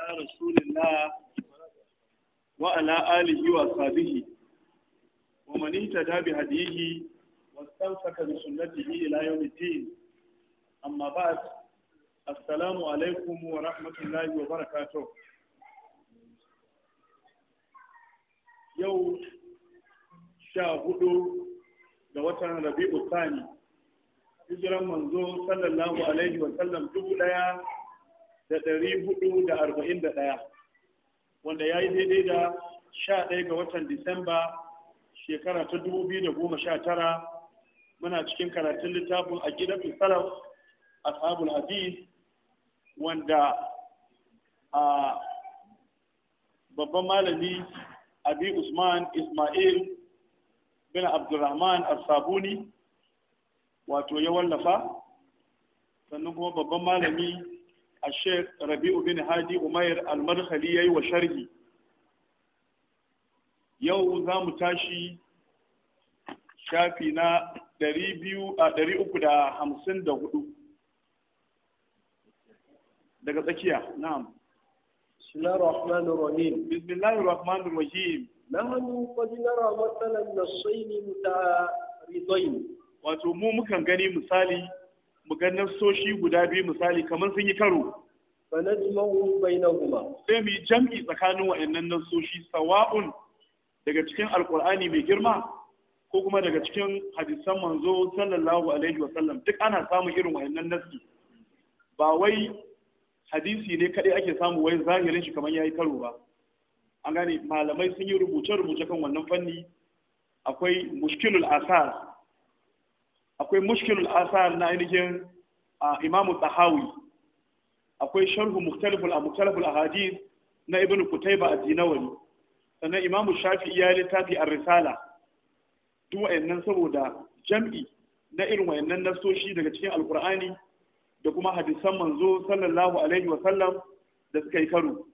على رسول الله وعلى آله وصحبه ومن اهتدى بهديه واستمسك بسنته إلى يوم الدين أما بعد السلام عليكم ورحمة الله وبركاته يوم شاهدوا لوطن ربيع الثاني hijiran manzo sallallahu alaihi wa sallam dubu daya da ɗari hudu da arba'in da ɗaya wanda ya yi daidai da sha ɗaya ga watan disamba shekara ta dubu biyu da goma sha tara muna cikin karatun littafin a gidan a ashabul hadis wanda a babban malami abi usman ismail bin abdulrahman al-sabuni wato ya wallafa sannan kuma babban malami A الشيخ ربيع بن هادي أمير wa وشرحي yau za mu tashi shafi na 354 daga tsakiya na'am bismillahir rahmanir rahim bismillahir rahmanir rahim nahnu qad nara mathalan nasayni mutaridain wato mu mukan gani misali mu ga nassoshi guda biyu misali kamar sun yi karo sai mu yi jam'i tsakanin wayannan nassoshi sawa'un daga cikin alkur'ani mai girma ko kuma daga cikin hadisan manzo sallallahu alaihi wa sallam duk ana samun irin wayannan nassi ba wai hadisi ne kadai ake samu wai zahirin shi kamar yayi karo ba an gane malamai sun yi rubuce-rubuce kan wannan fanni akwai mushkilul asas akwai mushkilul asar na ainihin imamu tahawi akwai sharhu muktaliful a ahadith na ibn kutaiba a dinawari sannan imamu shafi'i ya littafi a risala duk saboda jam'i na irin wayannan nasoshi daga cikin alkur'ani da kuma hadisan manzo sallallahu alaihi wa sallam da suka yi karo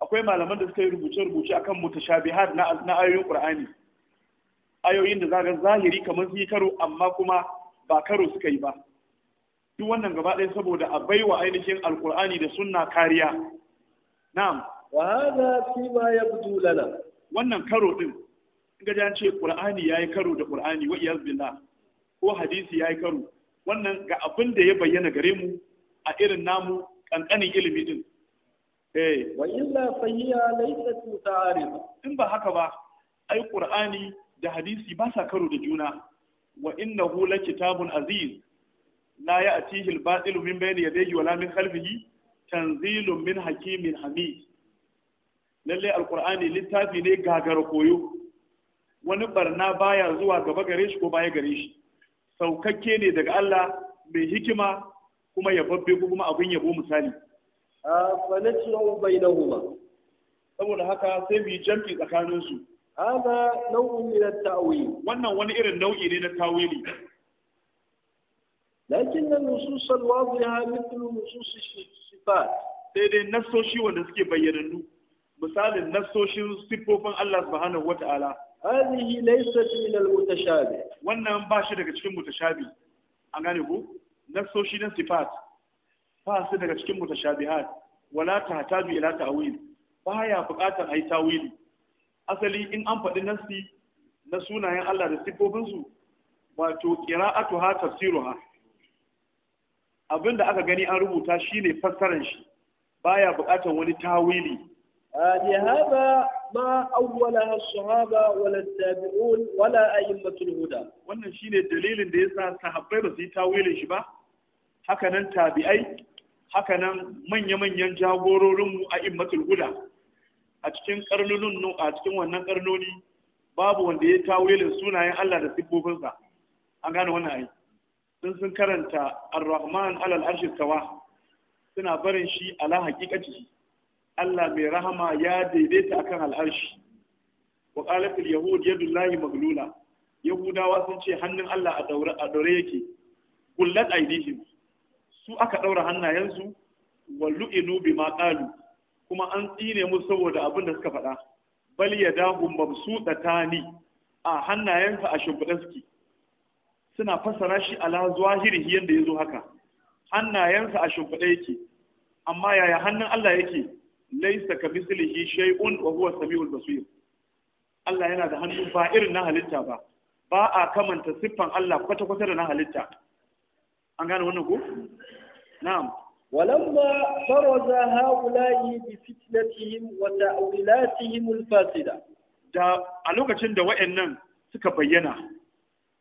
akwai malaman da suka yi rubuce-rubuce akan mutashabihat na na ayoyin qur'ani ayoyin da zaga zahiri kamar su yi karo amma kuma ba karo suka yi ba duk wannan gaba ɗaya saboda a baiwa ainihin alkur'ani da sunna kariya na'am wa hadha fi ma yabdu lana wannan karo din ga jan ce qur'ani yayi karo da qur'ani wa iyaz billah ko hadisi yayi karo wannan ga abin da ya bayyana gare mu a irin namu kankanin ilimi din eh wa illa fahiya laysat in ba haka ba ai qur'ani da hadisi ba sa karo da juna wa innahu lakitabun aziz la ya'tihi al-batilu min ya yadayhi wala min khalfihi tanzilun min hakimin hamid Lallai alqur'ani littafi ne gagara koyo wani barna baya zuwa gaba gare shi ko baya gare saukakke ne daga Allah mai hikima kuma yababbe ko kuma abin yabo misali a fa nasru bainahuma saboda haka sai mu yi jam'i tsakaninsu hada nau'un min at-ta'wil wannan wani irin nau'i ne na tawili lakin an-nusus al-wadiha mithlu nusus sifat sai dai nassoshi wanda suke bayyanannu misalin nassoshin sifofin Allah subhanahu wata'ala hadhihi laysat min al-mutashabih wannan ba shi daga cikin mutashabi an gane ko nassoshi na sifat ba su daga cikin mutashabihat wala tahtaju ila ta'wil baya buƙatar ai tawili asali in an faɗi Nasi na sunayen Allah da sifofinsu wato qira'atu ha tafsiruha abinda aka gani an rubuta shine fassarar shi baya buƙatar wani tawili لهذا ما أولها الصحابة wala التابعون ولا أئمة huda wannan shine dalilin da yasa sahabbai ba su yi tawilin shi ba hakanan tabi'ai hakanan manya-manyan jagororinmu mu a immatul huda a cikin karnunun a cikin wannan karnoni babu wanda ya tawilin sunayen Allah da siffofinsa an gane wannan ai sun sun karanta ar-rahman alal arshi tawa suna barin shi ala haqiqati Allah mai rahama ya daidaita akan al'arshi wa qalat al-yahud yadullahi maglula yahudawa sun ce hannun Allah a daure a daure yake kullat aidihim su aka daura hannayensu wa lu'inu bima qalu kuma an tsine mu saboda abin da suka faɗa bal ya dahu mamsuɗa tani a hannayensa a shimfiɗa suke suna fassara shi ala zahiri yadda ya zo haka hannayensa a shimfiɗa yake amma yaya hannun Allah yake laisa ka mislihi shay'un wa huwa samiul basir Allah yana da hannu ba irin na halitta ba ba a kamanta siffan Allah kwata-kwata da na halitta an gane wannan ko na'am ولما فرز هؤلاء بفتنتهم وتأويلاتهم الفاسدة da a lokacin da wa'annan suka bayyana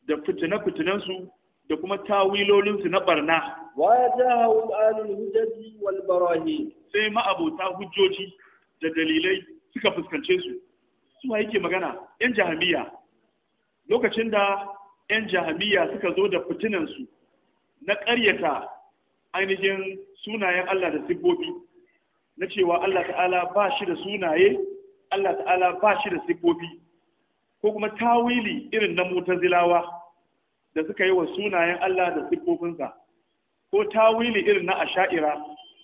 da fitine-fitinensu da kuma tawilolinsu na barna wa ya alul hujjaji wal sai ma'abota hujjoji da dalilai suka fuskance su su yake magana yan jahamiya lokacin da yan jahamiya suka zo da fitinansu na ƙaryata ainihin sunayen Allah da siffofi na cewa Allah ta'ala ba shi da sunaye Allah ta'ala ba shi da siffofi ko kuma tawili irin na mutazilawa da suka yi wa sunayen Allah da siffofinsa ko tawili irin na asha'ira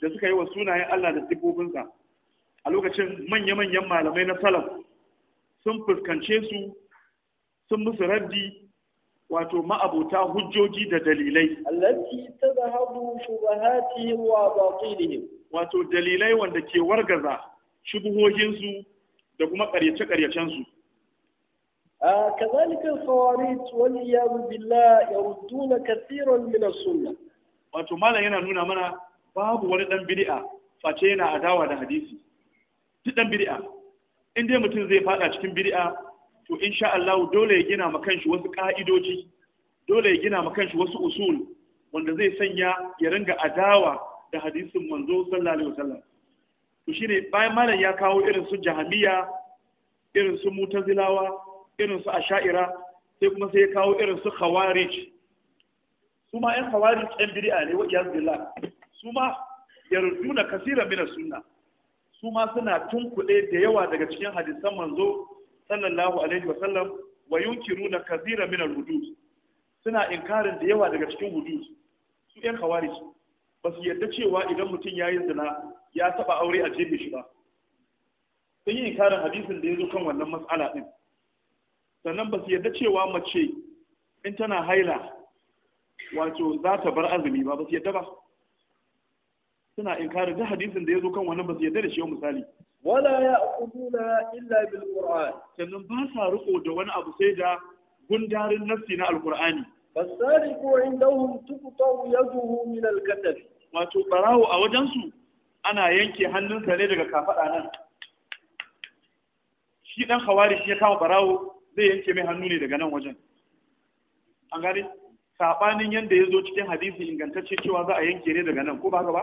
da suka yi wa sunayen Allah da siffofinsa a lokacin manya-manyan malamai na salaf sun fuskance su sun musu raddi wato ma'abuta hujjoji da dalilai allati tadhhabu shubahatihim wa batilihim wato dalilai wanda ke wargaza shubuhohinsu da kuma ƙaryace-ƙaryacensu كذلك الخوارج والعياذ بالله يردون كثيرا من السنه wato malam yana nuna mana babu wani dan bid'a face yana adawa da hadisi duk dan bid'a in dai mutum zai faɗa cikin bid'a to insha Allah dole ya gina ma kanshi wasu ka'idoji dole ya gina ma kanshi wasu usul wanda zai sanya ya ringa adawa da hadisin manzo sallallahu alaihi wasallam to shine bayan malam ya kawo irin su jahamiya irin su mutazilawa irin su asha'ira sai kuma sai ya kawo irin su khawarij su ma yan khawarij yan bid'a ne wa iyaz billah su ma yarduna kaseeran min sunna su ma suna tunkuɗe da yawa daga cikin hadisan manzo sallallahu alaihi wa sallam wa yunkiruna kathira min al suna inkarin da yawa daga cikin hudud su ɗan khawarij ba su yarda cewa idan mutum ya yi zina ya taba aure a jefe shi ba sun yi inkarin hadisin da ya zo kan wannan matsala din sannan ba su yarda cewa mace in tana haila wato za ta bar azumi ba ba su yarda ba suna inkarin da hadisin da ya zo kan wannan ba su yarda da shi misali wala ya'khuduna illa bil qur'an sannan ba sa riko da wani abu sai da gundarin nafsi na alqur'ani fasariqu indahum ya yaduhu min al-kataf wato barawo a wajen su ana yanke hannunsa ne daga kafada nan shi dan khawari shi ya kama barawo zai yanke mai hannu ne daga nan wajen an gari, saɓanin yanda ya zo cikin hadisi ingantacce cewa za a yanke ne daga nan ko ba ka ba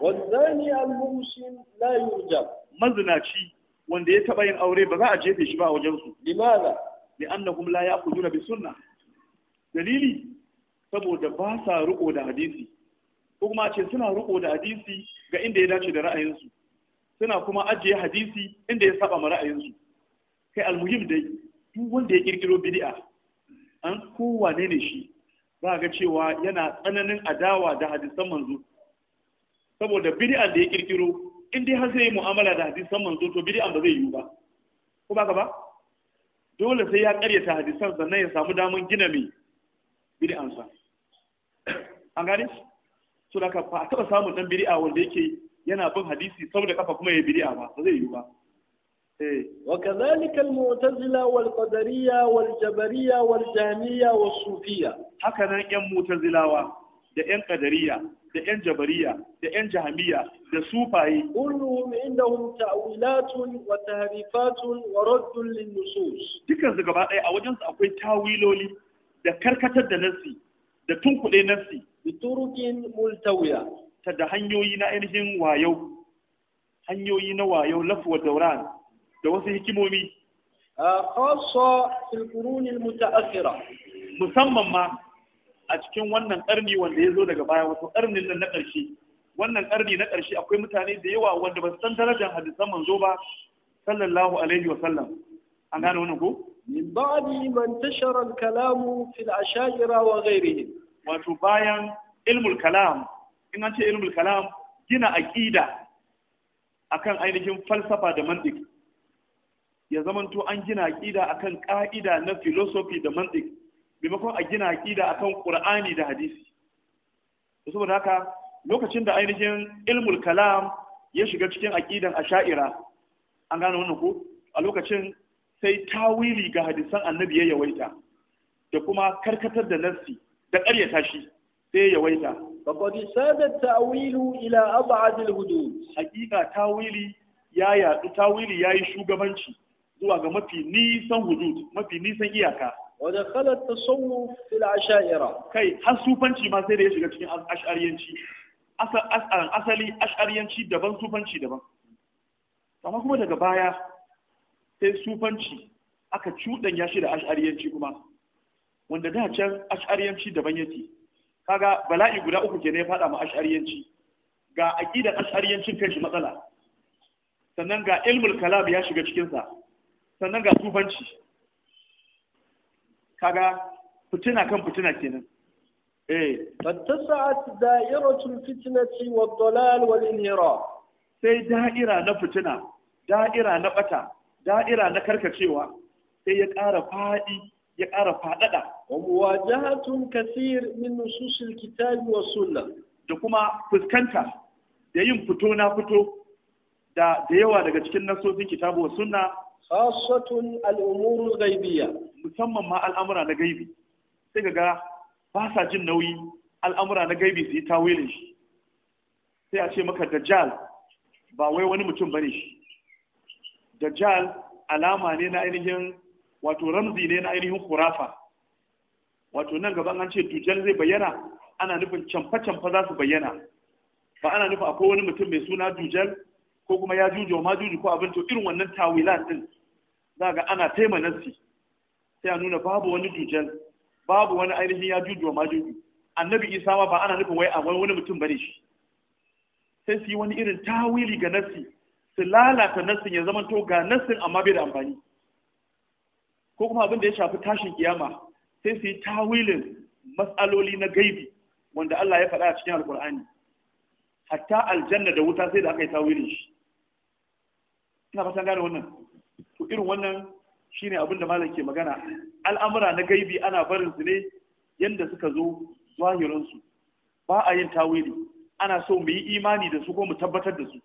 Wanzani al mumsin la yurjab mazinaci wanda ya taba yin aure ba za a jefe shi ba a wajen su limaza li'annahum la ya'khuduna bi sunnah dalili saboda ba sa riko da hadisi ko kuma ce suna riko da hadisi ga inda ya dace da ra'ayinsu suna kuma ajiye hadisi inda ya saba ma ra'ayinsu kai almuhim dai duk wanda ya kirkiro bid'a an kowane ne shi za ga cewa yana tsananin adawa da hadisan manzo saboda bid'an da ya kirkiro in dai har sai mu'amala da hadisan manzo to bid'an ba zai yi ba ko ba ka ba dole sai ya karyata hadisan sannan ya samu daman gina mai bid'an sa an gane so da ka a taba samun dan bid'a wanda yake yana bin hadisi saboda kafa kuma ya bid'a ba ba zai yi ba وكذلك المعتزلة والقدرية والجبرية والجهمية والصوفية هكذا ين معتزلة da 'yan ƙadariya da ƴan jabariya da ƴan jahamiya da sufaye kulluhum indahum ta'wilatun wa tahrifatun wa raddun lin nusus dukan su gaba ɗaya a wajen su akwai tawiloli da karkatar da nasi da tunkuɗe nasi bi turukin multawiya ta da hanyoyi na ainihin wayo hanyoyi na wayo wa dauran da wasu hikimomi خاصة في القرون muta'akhira. Musamman ma. a cikin wannan ƙarni wanda ya zo daga baya wato ƙarnin nan na ƙarshe wannan ƙarni na ƙarshe akwai mutane da yawa wanda ba su san darajar hadisan manzo ba sallallahu alaihi wa sallam an gane wannan ko min ba'di man tashara al-kalamu al-ashajira wa ghayrihi wato bayan ilmul kalam in an ce ilmul kalam gina aqida akan ainihin falsafa da mantiki ya zamanto an gina aqida akan ka'ida na philosophy da mantiki maimakon a gina aƙida akan qur'ani da hadisi saboda haka lokacin da ainihin ilmul kalam ya shiga cikin aƙidan asha'ira an gano wannan ko a lokacin sai tawili ga hadisan annabi ya yawaita da kuma karkatar da nassi da ƙaryata shi sai ya yawaita faqad sada ta'wilu ila ab'ad al-hudud haƙiƙa, tawili ya yadu tawili yi shugabanci zuwa ga mafi nisan hudud mafi nisan iyaka ودخل kai har sufanci ma sai da ya shiga cikin ash'ariyanci asalin asali ash'ariyanci daban sufanci daban amma kuma daga baya sai sufanci aka cuɗanya shi da ash'ariyanci kuma wanda da can ash'ariyanci daban yake kaga bala'i guda uku ke ne ya fada ma ash'ariyanci ga aqidar ash'ariyancin kanshi matsala sannan ga ilmul kalam ya shiga cikinsa sannan ga sufanci kaga fitina kan fitina kenan eh fattasa'at da'iratu fitnati wad dalal wal inhira sai da'ira na fitina da'ira na bata da'ira na karkacewa sai ya ƙara faɗi ya ƙara faɗaɗa wa muwajahatun kathir min al kitabi wa sunna da kuma fuskanta da yin fito na fito da da yawa daga cikin nasosin kitabu wa sunna khasatun al'umurul gaibiyya musamman ma al'amura na gaibi sai ga ga ba sa jin nauyi al'amura na gaibi su yi tawilin shi sai a ce maka dajjal ba wai wani mutum bane shi dajjal alama ne na ainihin wato ramzi ne na ainihin kurafa wato nan gaban an ce dujjal zai bayyana ana nufin canfa-canfa za su bayyana ba ana nufin akwai wani mutum mai suna dujjal ko kuma ya juju ma juju ko abin to irin wannan tawilan din za ga ana taima nasi sai a nuna babu wani jujal babu wani ainihin ya juju ma juju annabi isa ma ba ana nufin wai a wani mutum bane shi sai su yi wani irin tawili ga nassi su lalata nassin ya zama to ga nasin amma bai da amfani ko kuma abin da ya shafi tashin kiyama sai su yi tawilin matsaloli na gaibi wanda Allah ya faɗa a cikin alkur'ani hatta aljanna da wuta sai da aka yi tawilin shi ina fatan gane wannan to irin wannan shine abin da malam ke magana al'amura na gaibi ana barin su ne yanda suka zo zahirin su ba a yin tawili ana so mu yi imani da su ko mu tabbatar da su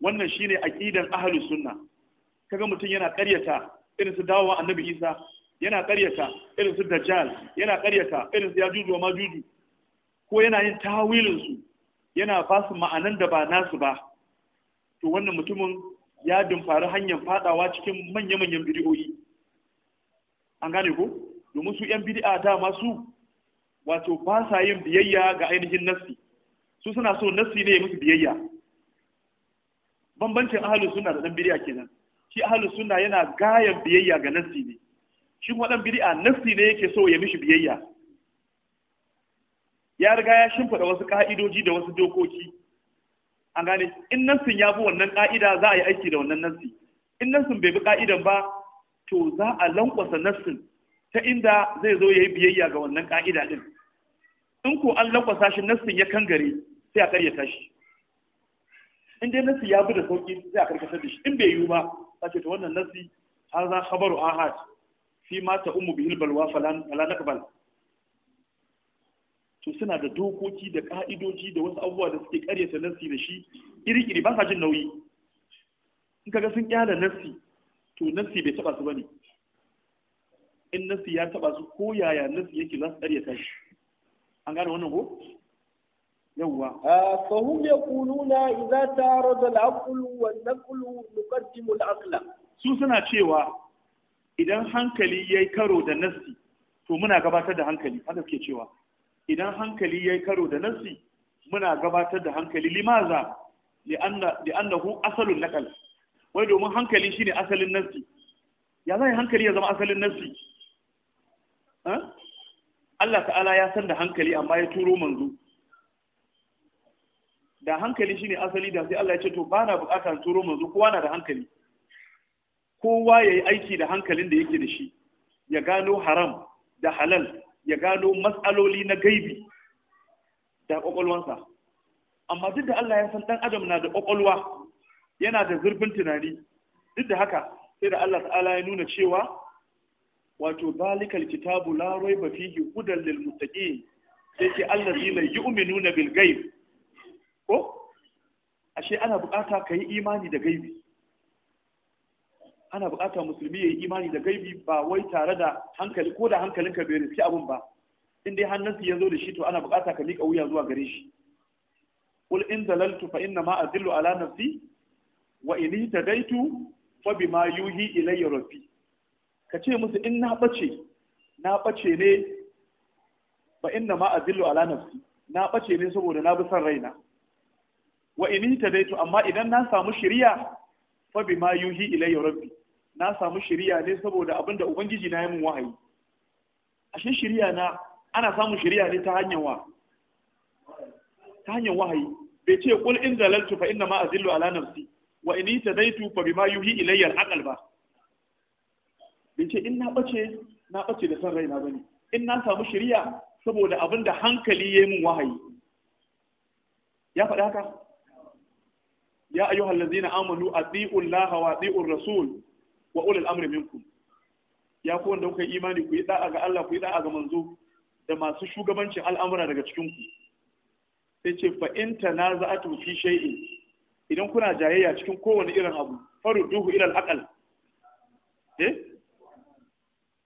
wannan shine aqidan ahlus sunna kaga mutum yana ƙaryata irin su dawowa annabi Isa yana ƙaryata irin su dajjal yana ƙaryata irin su yajuju wa majuju ko yana yin tawilin su yana ba su ma'anan da ba nasu ba to wannan mutumin ya dumfari hanyar fadawa cikin manya-manyan bidiyoyi an gane ko domin su 'yan bidi'a dama su wato ba sa yin biyayya ga ainihin nassi su suna so nassi ne ya musu biyayya bambancin ahalus suna da dan bid'a kenan shi ahalus suna yana gayan biyayya ga nassi ne shi kuma dan nassi ne yake so ya mishi biyayya ya riga ya shimfida wasu ƙa'idoji da wasu dokoki an gane in nassin ya bi wannan ka'ida za a yi aiki da wannan nassi in nassin bai bi ka'idan ba to za a lankwasa nassin ta inda zai zo ya yi biyayya ga wannan ka'ida din in ko an lankwasa shi nassin ya kangare sai a karyata shi in dai nassi ya bi da sauki sai a karkatar da shi in bai yiwu ba a ce to wannan nassi har za khabaru ahad fi ma ta ummu bihil balwa falan la to suna da dokoki da ka'idoji da wasu abubuwa da suke karyata nassi da shi iri-iri ba sa jin nauyi in kaga sun kyala nassi to nassi bai taba su bane in nassi ya taba su ko yaya nassi yake za su karyata shi an gane wannan ko yawwa fa hum yaquluna idza tarada al-aql wa an-naql nuqaddimu al su suna cewa idan hankali yayi karo da nassi to muna gabatar da hankali haka suke cewa idan hankali yayi karo da nasi muna gabatar da hankali limaza li'annahu asalin naqal wai domin hankali shine asalin nasi ya zai hankali ya zama asalin nafsi Allah ta'ala ya san da hankali amma ya turo manzo da hankali shine asali da sai Allah ya ce to ba na bukatar turo manzo kowa na da hankali kowa ya yi aiki da hankalin da yake da shi ya gano haram da halal ya gano matsaloli na gaibi da kwakwalwansa amma duk da Allah ya san ɗan adam na da kwakwalwa yana da zurfin tunani duk da haka sai da Allah ta'ala ya nuna cewa wato zalikal kitabu la raiba fihi hudan lil muttaqin sai ce allazina yu'minuna bil gaib ko ashe ana bukata kai imani da gaibi ana buƙatar musulmi ya yi imani da gaibi ba wai tare da hankali ko da hankalinka bai riski abin ba in dai hannunsu ya zo da shi to ana buƙata ka miƙa wuya zuwa gare shi qul in zalaltu fa inna ma adillu ala nafsi wa in tadaitu fa bima yuhi ilayya rabbi ka ce musu in na bace na bace ne fa inna ma adillu ala nafsi na bace ne saboda na bi son raina wa in tadaitu amma idan na samu shiriya fa bima yuhi ilayya rabbi na samu shiriya ne saboda abinda ubangiji na yi min wahayi ashe shiriya na ana samun shiriya ne ta hanyar wa ta hanyar wahayi bai ce kul in zalaltu fa inna ma azillu ala nafsi wa in tadaitu fa bima yuhi ilayya al ba bai ce in na bace na bace da san raina bane in na samu shiriya saboda abinda hankali ya yi min wahayi ya faɗa haka ya ayyuhal ladzina amanu atiiu Allah wa atiiu rasul wa ulul amri minkum ya ku wanda kuka imani ku yi da'a ga Allah ku yi da'a ga manzo da masu shugabancin al'amura daga cikin ku sai ce fa in tanaza'atu fi shay'in idan kuna jayayya cikin kowane irin abu farudduhu ila al-aqal eh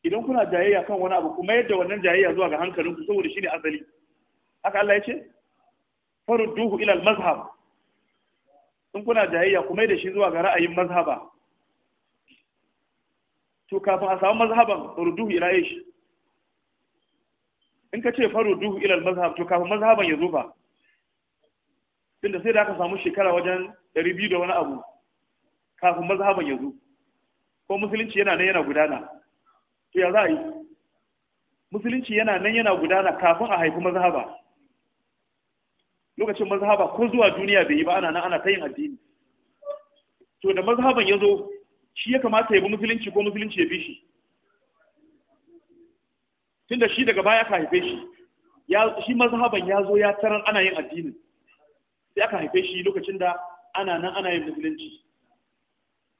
idan kuna jayayya kan wani abu kuma yadda wannan jayayya zuwa ga hankalinku saboda shine asali haka Allah ya ce farudduhu ila al-mazhab sun kuna jayayya kuma da shi zuwa ga ra'ayin mazhaba to kafin a samu mazhaban ruduhu ila ish in ka ce farudu ila mazhab to kafin mazhaban ya zo fa tunda sai da aka samu shekara wajen 200 da wani abu kafin mazhaban ya zo ko musulunci yana nan yana gudana to ya za a yi musulunci yana nan yana gudana kafin a haifi mazhaba lokacin mazhaba ko zuwa duniya bai yi ba ana nan ana ta yin addini to da mazhaban ya zo shi ya kamata ya bi musulunci ko musulunci ya bi shi tunda shi daga baya ka haife shi ya shi mazhaban ya zo ya tarar ana yin addini sai aka haife shi lokacin da ana nan ana yin musulunci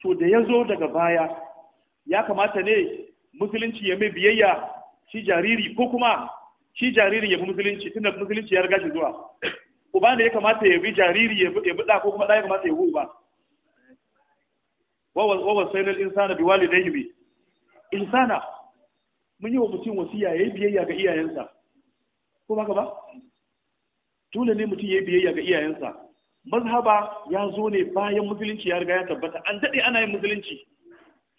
to da ya zo daga baya ya kamata ne musulunci ya mai biyayya shi jariri ko kuma shi jaririn ya bi musulunci tunda musulunci ya riga shi zuwa uba ne ya kamata ya bi jariri ya bi ɗa ko kuma ɗa ya kamata ya bi uba wawan sai na insana bi wali dai bi insana mun yi wa mutum wasiya ya yi biyayya ga iyayensa ko ba ka ba dole ne mutum ya yi biyayya ga iyayensa mazhaba ya zo ne bayan musulunci ya riga ya tabbata an daɗe ana yin musulunci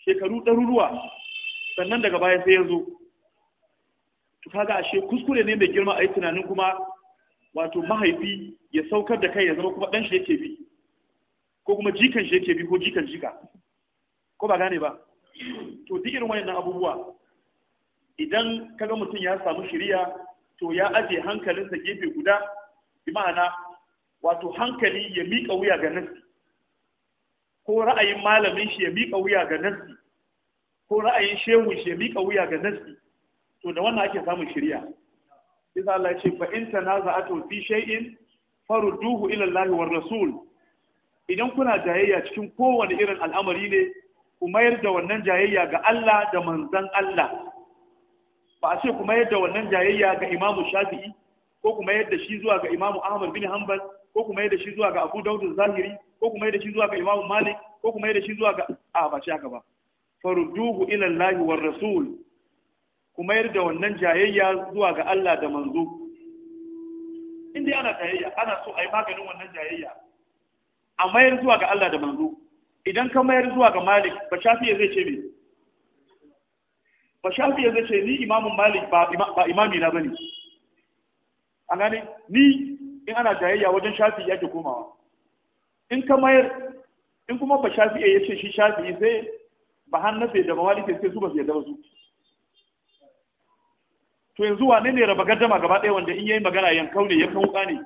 shekaru ɗaruruwa sannan daga baya sai ya zo to kaga ashe kuskure ne mai girma a yi tunanin kuma wato mahaifi ya saukar da kai ya zama kuma ɗan shi yake bi ko kuma jikan shi yake bi ko jikan jika ko ba gane ba to duk irin wayannan abubuwa idan kaga mutum ya samu shiriya to ya aje hankalinsa gefe guda bi ma'ana wato hankali ya mika wuya ga nasi ko ra'ayin malamin shi ya mika wuya ga nasi ko ra'ayin shehu shi ya mika wuya ga nasi to da wannan ake samun shiriya yasa Allah ya ce fa in tanaza'atu fi shay'in farudduhu ila Allah war rasul idan kuna jayayya cikin kowane irin al'amari ne ku mayar da wannan jayayya ga Allah da manzon Allah ba a ce ku mayar da wannan jayayya ga Imam Shafi'i ko ku mayar da shi zuwa ga Imam Ahmad bin Hanbal ko ku mayar da shi zuwa ga Abu Dawud Zahiri ko ku mayar da shi zuwa ga Imam Malik ko ku mayar da shi zuwa ga a ba shi haka ba farudduhu ila Allah war rasul ku mayar da wannan jayayya zuwa ga Allah da manzo in dai ana tayayya ana so a yi maganin wannan jayayya a mayar zuwa ga Allah da manzo idan ka mayar zuwa ga Malik ba shafi zai ce me ba shafi zai ce ni imamun Malik ba ba imami na bane an gane ni in ana jayayya wajen shafi yake komawa in ka mayar in kuma ba shafi ya ce shi shafi sai ba hannafe da mawalike sai su ba su yadda ba su to yanzu wane ne raba gardama gaba ɗaya wanda in yayi magana yankau ne kan wuka ne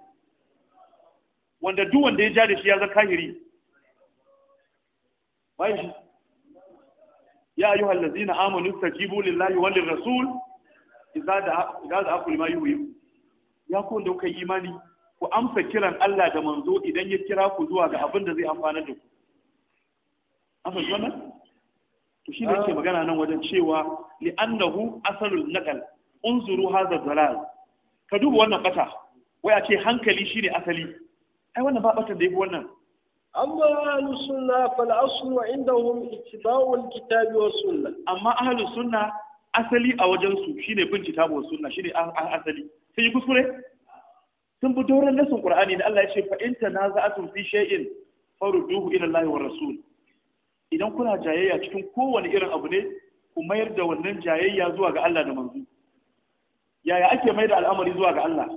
wanda duk wanda ya ja da shi ya zaka kahiri bai ya ayyuha allazina amanu istajibu lillahi wal rasul idza da idza da akul ma yuhyi ya ku wanda kuka imani ku amsa kiran Allah da manzo idan ya kira ku zuwa ga abin da zai amfana da ku amma fahimci wannan to shi ne yake magana nan wajen cewa li'annahu asalul naqal unzuru hadha dalal ka duba wannan bata wai a ce hankali shine asali ai wannan ba batan da yafi wannan amma ahlus sunna fal aslu indahum ittiba'u al kitabi was sunna amma ahlus sunna asali a wajen su shine bin kitab wa sunna shine asali sai yi kuskure sun bi doron sun qur'ani da Allah ya ce fa in tanaza'atum fi shay'in farudduhu ila Allah wa rasul idan kuna jayayya cikin kowane irin abu ne ku mayar da wannan jayayya zuwa ga Allah da manzo yaya ake mai da al'amari zuwa ga Allah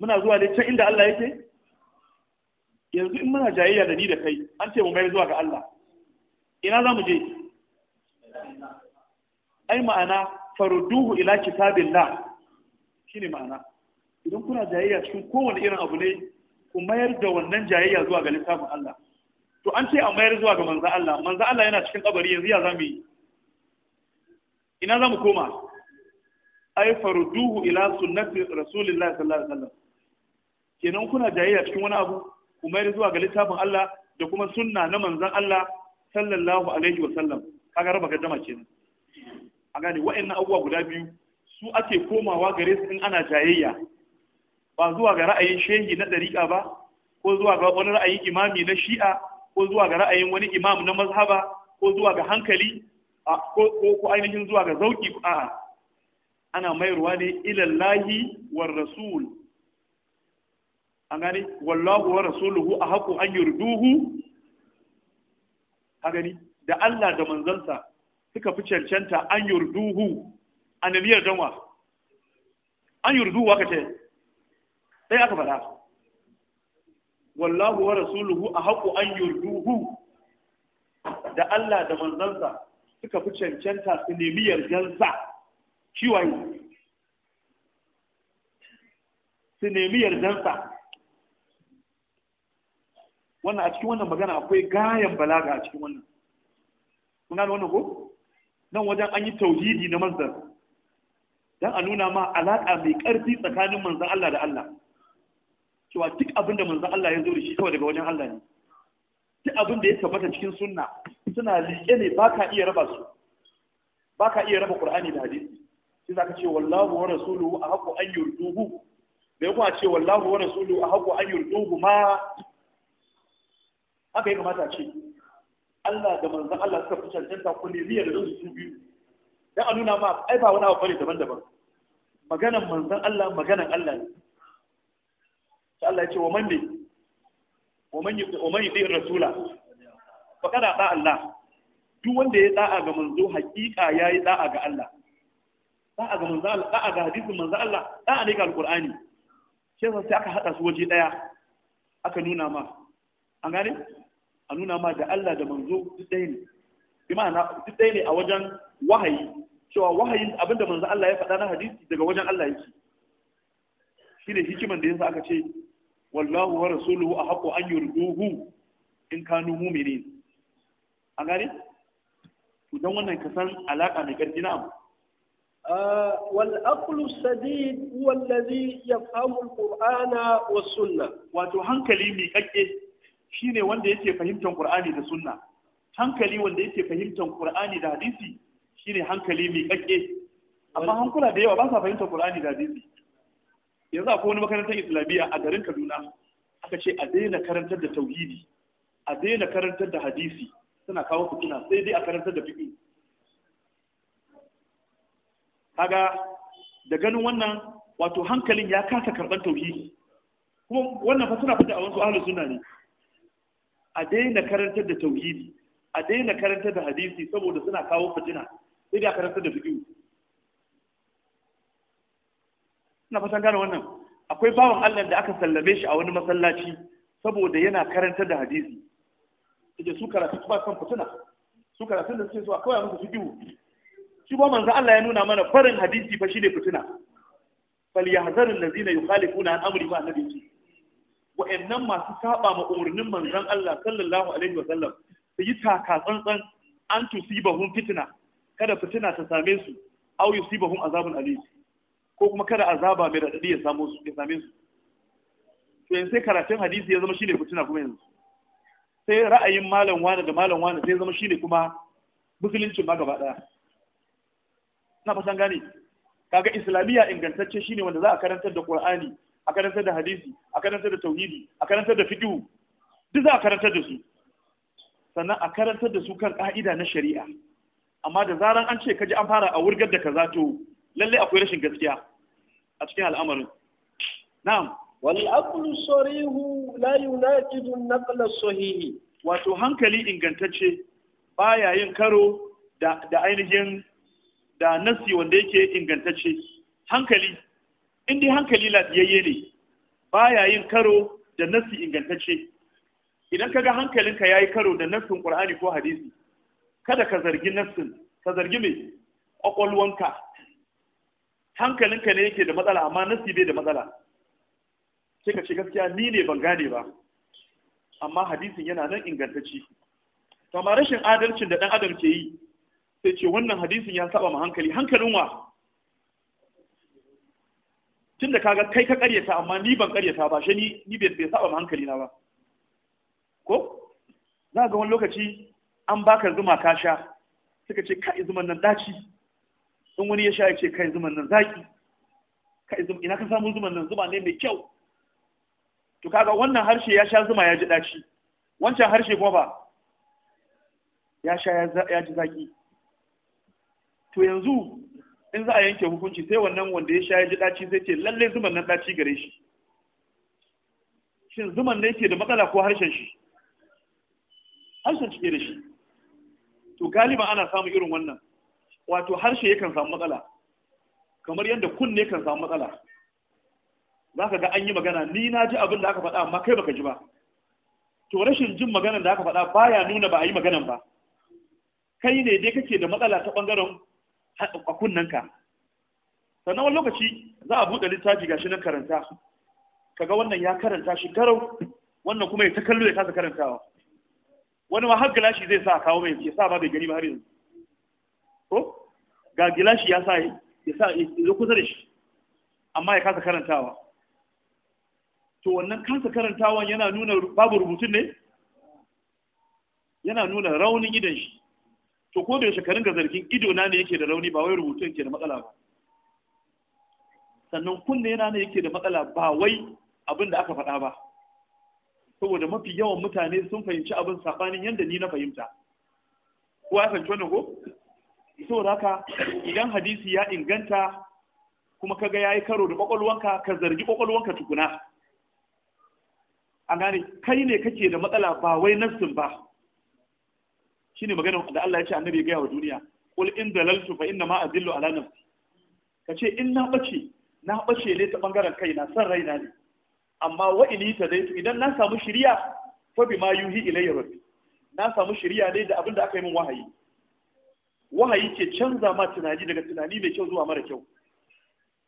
muna zuwa ne can inda Allah yake yanzu in muna jayayya da ni da kai an ce mu mai zuwa ga Allah ina za mu je ai ma'ana faruduhu ila kitabillah shine ma'ana idan kuna jayayya cikin kowane irin abu ne ku mayar da wannan jayayya zuwa ga littafin Allah to an ce a mayar zuwa ga manzo Allah manzo Allah yana cikin kabari yanzu ya zamu yi ina mu koma ai farduhu ila sunnati rasulillahi sallallahu alaihi wasallam kenan kuna jayayya cikin wani abu ku mayar zuwa ga littafin Allah da kuma sunna na manzon Allah sallallahu alaihi wasallam kaga raba jama'a kenan a gane wa'annan abubuwa guda biyu su ake komawa gare su in ana jayayya ba zuwa ga ra'ayin shehi na dariƙa ba ko zuwa ga wani ra'ayin imami na shi'a ko zuwa ga ra'ayin wani imam na mazhaba ko zuwa ga hankali ko ainihin zuwa ga zauki a'a ana mayarwa ne ilallahi wa rasul an gani wallahu wa rasuluhu a haƙo an yurduhu a gani da Allah da manzansa suka fi cancanta an yurduhu a namiyar danwa an yurduhu aka ce sai aka faɗa wallahu wa rasuluhu a haƙo an yurduhu da Allah da manzansa suka fi cancanta su nemi yardansa shi su nemi yardansa wannan a cikin wannan magana akwai gayan balaga a cikin wannan kun da wannan ko nan wajen an yi tauhidi na manzan don a nuna ma alaƙa mai ƙarfi tsakanin manzan Allah da Allah cewa duk abin da manzan Allah ya zo da shi kawai daga wajen Allah ne duk abin da ya tabbata cikin sunna suna liƙe ne ba ka iya raba su ba ka iya raba ƙur'ani da hadisi shi zaka ce wallahu wa rasuluhu ahqqu an yurduhu da kuma ce wallahu wa rasuluhu a ahqqu an yurduhu ma haka ya kamata ce Allah da manzan Allah suka fi cancanta ku ne riya da su biyu dan a nuna ma ai ba wani abu bane daban-daban maganan manzan Allah maganan Allah ne sai Allah ya ce wa man ne wa man wa man yi rasula fa kada ba Allah duk wanda ya da'a ga manzo hakika yayi da'a ga Allah da'a ga manzo Allah da'a ga hadisin manzo Allah da'a ne ga alqur'ani sai sai aka hada su waje daya aka nuna ma an gane a nuna ma da Allah da manzo duk ɗaya ne bi ma'ana duk ɗaya ne a wajen wahayi cewa wahayin abinda manzo Allah ya faɗa na hadisi daga wajen Allah yake shine hikiman da yasa aka ce wallahu wa rasuluhu ahqqu an yurduhu in kanu mu'minin an gane to dan wannan ka san alaka mai karfi na abu والأقل السديد هو الذي يفهم القرآن والسنة wato hankali mai shine wanda yake fahimtar Qur'ani da Sunna hankali wanda yake fahimtar Qur'ani da hadisi shine hankali mai amma hankula da yawa ba fahimtar Qur'ani da hadisi yanzu akwai wani makarantar Islamiyya a garin Kaduna aka ce a daina karantar da tauhidi a daina karantar da hadisi suna kawo fitina sai dai a karantar da fiqh kaga da ganin wannan wato hankalin ya kasa karɓar tauhidi kuma wannan fa suna fita a wasu ahlus sunna ne a daina karantar da tauhidi a daina karantar da hadisi saboda suna kawo fitina sai ga karantar da fiqh na fa gane wannan akwai bawan Allah da aka sallame shi a wani masallaci saboda yana karantar da hadisi kaje su karatu ba san fitina su karatun da suke so a kawai musu fiqh shi ba manzo Allah ya nuna mana farin hadisi fa shine fitina fal yahzarul ladina yukhalifuna an amri ma nabi wa'annan masu saba ma umarnin manzon Allah sallallahu alaihi wa sallam su yi taka tsantsan an tusibahum fitina kada fitina ta same su aw yusibahum azabun alim ko kuma kada azaba mai radadi ya samu su ya same su to yanzu sai karatun hadisi ya zama shine fitina kuma yanzu sai ra'ayin malam wani da malam wani sai zama shine kuma musuluncin ma gaba daya na fasan gane kaga islamiyya ingantacce shine wanda za a karantar da qur'ani a karantar da hadisi a karantar da tauhidi a karantar da fiqh duk za a karantar da su sannan a karantar da su kan ka'ida na shari'a amma da zaran an ce kaji an fara a wurgar da kaza to lalle akwai rashin gaskiya a cikin al'amarin na'am wal aqlu sarihu la yunaqidu an-naql as-sahih wato hankali ingantacce baya yin karo da da ainihin da nasi wanda yake ingantacce hankali in dai hankali lafiyayye ne baya yin karo da nasi ingantacce idan ka ga hankalinka yayi karo da nassin qur'ani ko hadisi kada ka zargi nassin ka zargi mai ƙwaƙwalwanka. hankalinka ne yake da matsala amma nasi bai da matsala sai ka ce gaskiya ni ne ban gane ba amma hadisin yana nan ingantacce to rashin adalcin da ɗan adam ke yi sai ce wannan hadisin ya saba ma hankali hankalin wa tunda kaga kai ka karyata amma ni ban karyata ba shi ni ni bai saba ma hankali na ba ko za ga wani lokaci an baka zuma ka sha suka ce kai zuman nan daci in wani ya sha ya ce kai zuman nan zaki kai zuman ina ka samu zuman nan zuma ne mai kyau to kaga wannan harshe ya sha zuma ya ji daci wancan harshe kuma ba ya sha ya ji zaki to yanzu in za a yanke hukunci sai wannan wanda ya sha ya ji ɗaci zai ce lallai zuman nan ɗaci gare shi shin zuman ne ke da matsala ko harshen shi harshen cike da shi to galiba ana samun irin wannan wato harshe yakan samu matsala kamar yadda kunne kan samu matsala za ka ga an yi magana ni na ji abin da aka faɗa amma kai baka ji ba to rashin jin maganar da aka faɗa baya nuna ba a yi maganar ba kai ne dai kake da matsala ta ɓangaren a kunnanka sannan wani lokaci za a buɗe littafi gashi na karanta kaga wannan ya karanta shi garau wannan kuma ya ta kallo ya kasa karantawa wani ma har gilashi zai sa kawo mai ya sa ba bai gani ba har yanzu ko ga gilashi ya sa ya sa ya kusa da shi amma ya kasa karantawa to wannan kasa karantawan yana nuna babu rubutun ne yana nuna raunin idan shi to ko da shekarun ga zargin ido na ne yake da rauni ba wai rubutun yake da matsala ba sannan kunne yana ne yake da matsala ba wai abin da aka faɗa ba saboda mafi yawan mutane sun fahimci abin sabanin yadda ni na fahimta ko ya fahimci ko saboda haka idan hadisi ya inganta kuma kaga yayi karo da kwakwalwanka ka zargi kwakwalwanka tukuna an gane kai ne kake da matsala ba wai nassin ba shine magana da Allah ya ce annabi ya gaya wa duniya qul in dalaltu fa inna ma adillu ala nafsi kace in na bace na bace ne ta bangaren kaina san raina ne amma wa ili ta dai idan na samu shiriya fa bima yuhi ilayya rabbi na samu shiriya ne da abinda aka yi min wahayi wahayi ke canza ma tunani daga tunani mai kyau zuwa mara kyau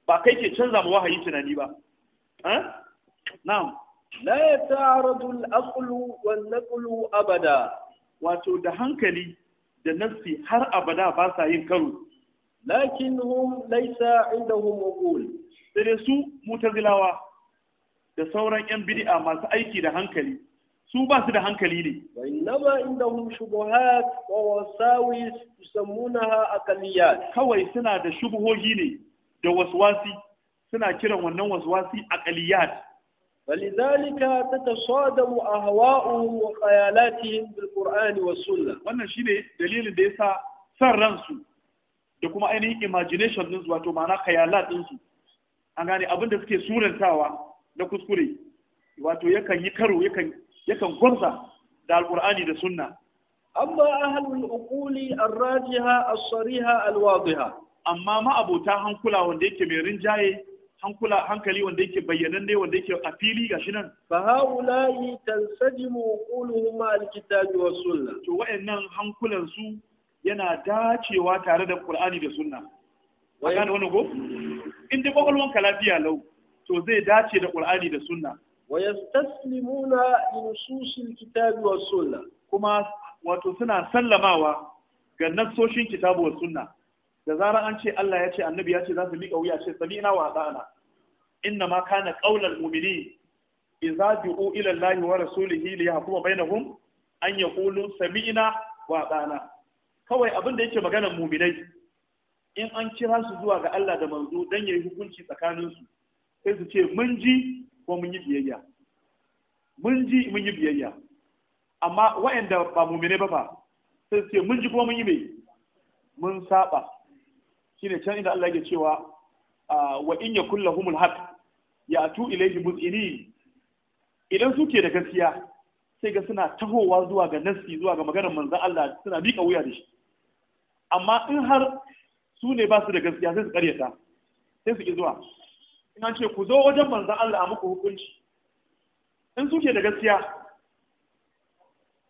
ba kai ke canza ma wahayi tunani ba na'am la yata'aradu al-aqlu wan naqlu abada wato da hankali da nafsi har abada ba sa yin karo lakin hum laisa indahum uqul sai su mutazilawa da sauran yan bid'a masu aiki da hankali su ba su da hankali ne wa indahum shubuhat wa wasawis yusammunaha aqliyat kawai suna da shubuhohi ne da waswasi suna kiran wannan waswasi aqliyat فلذلك تتصادم أهواؤهم وخيالاتهم بالقرآن والسنة wannan shine dalilin da ya sa san ransu da kuma ainihin imagination din wato ma'ana khayalat din su an gane abin da suke surantawa na kuskure wato yakan yi karo yakan yakan da alqur'ani da sunna amma ahlul uquli arrajiha as-sariha al-wadiha amma ma abota hankula wanda yake mai rinjaye hankula hankali wanda yake bayyanan ne wanda yake a fili gashi nan fa haula'i tansajimu quluhum al-kitabi was sunnah to wayannan hankulan su yana dacewa tare da Qur'ani da sunna wayan wani go in dai kokolwan kalafiya lau to zai dace da Qur'ani da sunna wa yastaslimuna li kitabi wa sunna kuma wato suna sallamawa ga nassoshin kitabu wa sunna da zarar an ce Allah ya ce annabi ya ce za su miƙa wuya ce sami'na wa ɗana inna ma kana qaulal mu'minin idza du'u ila Allah wa rasulihi li yahkuma bainahum an sami sami'na wa ɗana kawai abin da yake maganar mu'minai in an kira su zuwa ga Allah da manzo dan yayi hukunci tsakanin su sai su ce mun ji ko mun yi biyayya mun ji mun yi biyayya amma waɗanda ba mu'minai ba fa sai su ce mun ji ko mun yi mai mun saba shine can inda Allah yake cewa ah, wa in yakul lahumul haqq ya'tu ilayhi muzini idan suke da gaskiya sai ga suna tahowa zuwa ga nasi zuwa ga maganar manzon Allah suna miƙa wuya da shi amma in har su ne ba su da gaskiya sai su karyata sai su ki zuwa in an ce ku zo wajen manzon Allah a muku hukunci in suke da gaskiya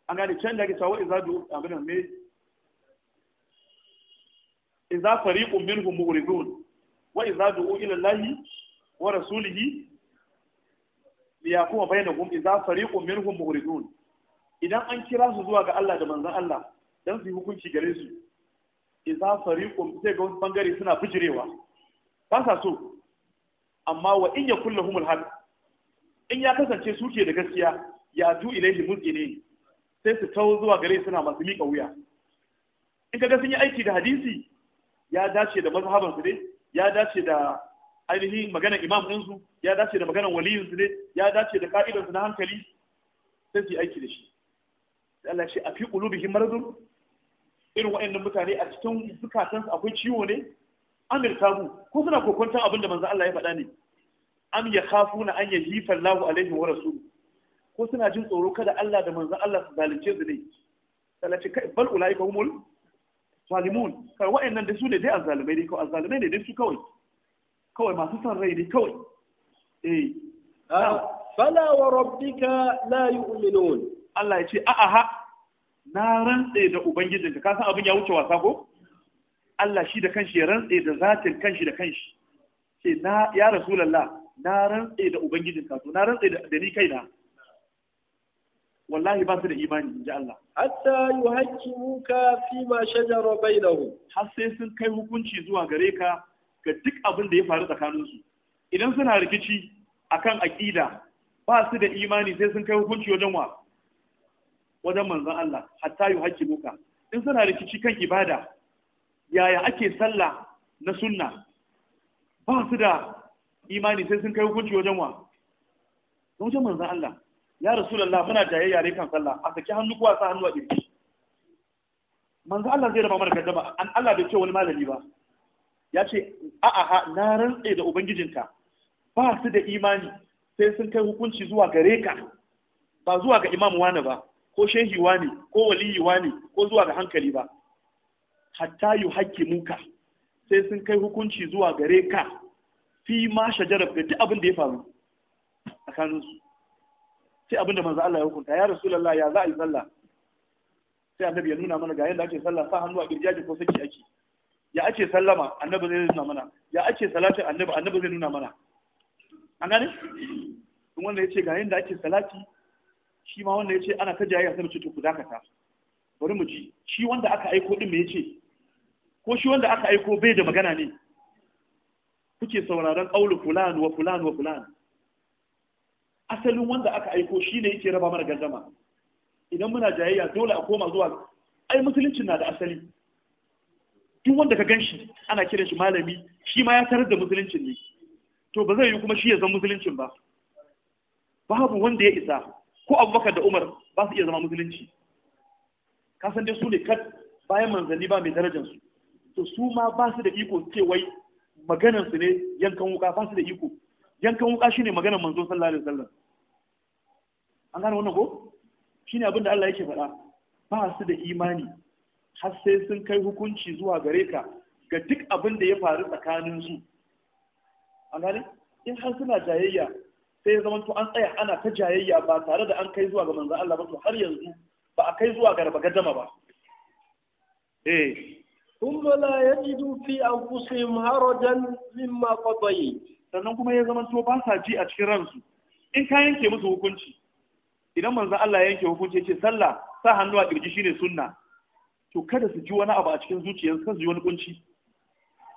an gane can da ke sawo izadu abin mai إذا فريق منهم مغرضون وإذا دعوا إلى الله ورسوله ليقوم بينهم إذا فريق منهم مغرضون إذا mu'ridun idan an kira su zuwa ga Allah da manzon Allah dan su hukunci gare su idza fariqun sai ga wani bangare suna bijirewa ba sa so amma wa in ya lahumul haqq in ya kasance suke da gaskiya ya tu ilaihi muzini sai su tawo zuwa gare suna masu miƙa wuya in kaga sun yi aiki da hadisi ya dace da mazhaban su ne ya dace da ainihin maganar imam ɗinsu ya dace da maganar waliyin su ne ya dace da ka'idansu na hankali sai su aiki da shi sai Allah shi a fi qulubihim maradun irin waɗannan mutane a cikin su akwai ciwo ne amir tabu ko suna kokonta abin da manzo Allah ya faɗa ne am yakhafuna an yahifa Allahu alaihim wa rasuluhu ko suna jin tsoro kada Allah da manzo Allah su zalunce su ne sai Allah ce bal ulaika humul zalimun kai wa'annan da su ne dai azzalimai ne ko azzalimai ne dai su kawai kawai masu son rai ne kawai eh fala ah, wa rabbika la yu'minun Allah ya ce a'a ha na rantse da ubangijinka ka san abin ya wuce wasa ko Allah shi da kanshi ya rantse da zatin kanshi da kanshi ce na ya rasulullah na rantse da ubangijinka to na rantse da ni kaina wallahi ba su da imani in ji Allah hatta yuhaqqimuka fi ma shajara hu. har sai sun kai hukunci zuwa gare ka ga duk abin da ya faru tsakanin su idan suna rikici a kan aqida ba su da imani sai sun kai hukunci wajen wa wajen manzon Allah hatta muka. in suna rikici kan ibada yaya ake sallah na sunna ba su da imani sai sun kai hukunci wajen wa wajen manzon Allah ya rasulallah muna jayayya ne kan sallah a saki hannu kuwa a sa hannu a kirki manzo Allah zai raba mana kaddama an Allah bai ce wani malami ba ya ce a'a na rantse da ubangijinka ba su da imani sai sun kai hukunci zuwa gare ka ba zuwa ga imamu wani ba ko shehi wani ko waliyi wani ko zuwa ga hankali ba hatta yu muka sai sun kai hukunci zuwa gare ka fi ma shajarar ga duk abin da ya faru tsakaninsu sai abinda manzo Allah ya hukunta ya rasulullahi ya za a yi sallah sai annabi ya nuna mana ga yadda ake sallah sa hannu a girjaji ko saki ake ya ake sallama annabi zai nuna mana ya ake salati annabi annabi zai nuna mana an gane in wanda yace ga yadda ake salati shi ma wanda yace ana ta jayayya sai mu ce to ku dakata bari mu ji shi wanda aka aiko din me yace ko shi wanda aka aiko bai da magana ne kuke sauraron qaulu fulan wa fulan wa fulan asalin wanda aka aiko shi ne yake raba mana gardama idan muna jayayya dole a koma zuwa ai musuluncin na da asali duk wanda ka ganshi ana kiran shi malami shi ma ya tarar da musuluncin ne to ba zai yi kuma shi ya zama musuluncin ba babu wanda ya isa ko abubakar da umar ba su iya zama musulunci ka san dai su ne kat bayan manzanni ba mai darajar su to su ma ba su da iko ce wai maganar su ne yankan wuka ba su da iko yankan wuka shine maganar manzo sallallahu alaihi wasallam an gane wannan ko shine abin da Allah yake faɗa ba su da imani har sai sun kai hukunci zuwa gare ka ga duk abin da ya faru tsakanin su an gane in har suna jayayya sai zama to an tsaya ana ta jayayya ba tare da an kai zuwa ga manzo Allah ba to har yanzu ba a kai zuwa ga rabagadama ba eh ثم لا يجد في أنفسهم هرجا مما قضيت sannan kuma ya zama to ba sa ji a cikin ransu in ka yanke musu hukunci idan manzo Allah ya yanke hukunci ce sallah sa hannu a kirji shine sunna to kada su ji wani abu a cikin zuciyarsu su ji wani kunci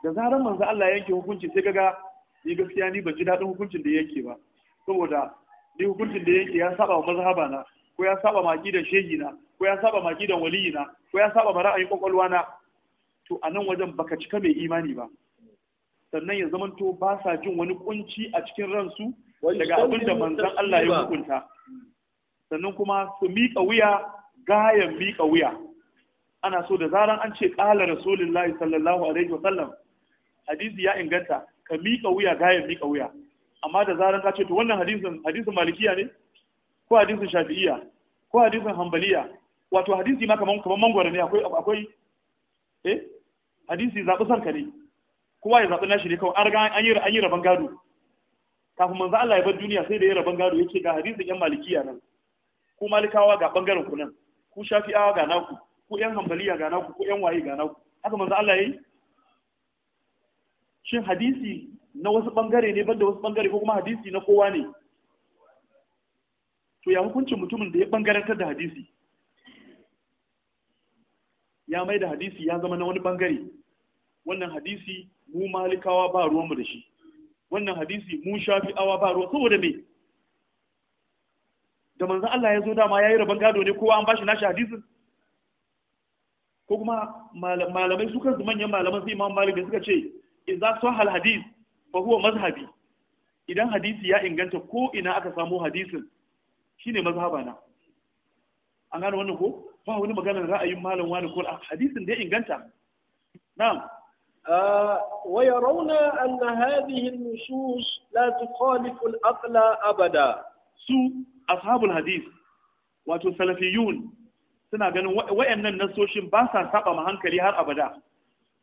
da zarar manzo Allah yanke hukunci sai kaga ni gaskiya ni ban ji dadin hukuncin da yake ba saboda ni hukuncin da yake ya saba mazhaba na ko ya saba maki shehi na ko ya saba maki waliyi na ko ya saba ra'ayin kwakwalwa na to a nan wajen baka cika mai imani ba sannan ya zamanto ba sa jin wani kunci a cikin ransu daga abin da manzan Allah ya hukunta sannan kuma su miƙa wuya gayan miƙa wuya ana so da zaran an ce ƙala rasulullahi sallallahu alaihi wa sallam hadisi ya inganta ka miƙa wuya gayan miƙa wuya amma da zaran ka ce to wannan hadisin hadisin malikiya ne ko hadisin shafi'iya ko hadisin hanbaliya wato hadisi ma kaman kaman mangwara ne akwai akwai eh hadisi zaɓi sarka ne kowa ya zaɓi nashi ne kawai an yi yi rabon gado kafin manzo Allah ya bar duniya sai da ya rabon gado yake ga hadisin yan malikiya nan ku malikawa ga bangaren ku nan ku shafi'awa ga naku ku yan hanbaliya ga naku ku yan waye ga naku haka manzo Allah yayi shin hadisi na wasu bangare ne banda wasu bangare ko kuma hadisi na kowa ne to ya hukuncin mutumin da ya bangarantar da hadisi ya mai da hadisi ya zama na wani bangare wannan hadisi mu malikawa ba ruwanmu da shi wannan hadisi mu shafi'awa ba ruwa saboda me da manzo Allah ya zo dama yayi rabon gado ne kowa an bashi nashi hadisin ko kuma malamai su kansu manyan malaman sai imam malik suka ce idza sahal hadis fa huwa mazhabi idan hadisi ya inganta ko ina aka samu hadisin shine mazhaba na an gano wannan ko ba wani maganar ra'ayin malam wani ko ah, hadisin da ya inganta na'am ويرون أن هذه النصوص لا تخالف الأقل أبدا سو أصحاب الحديث وتسلفيون suna ganin wayannan nasoshin ba sa hankali har abada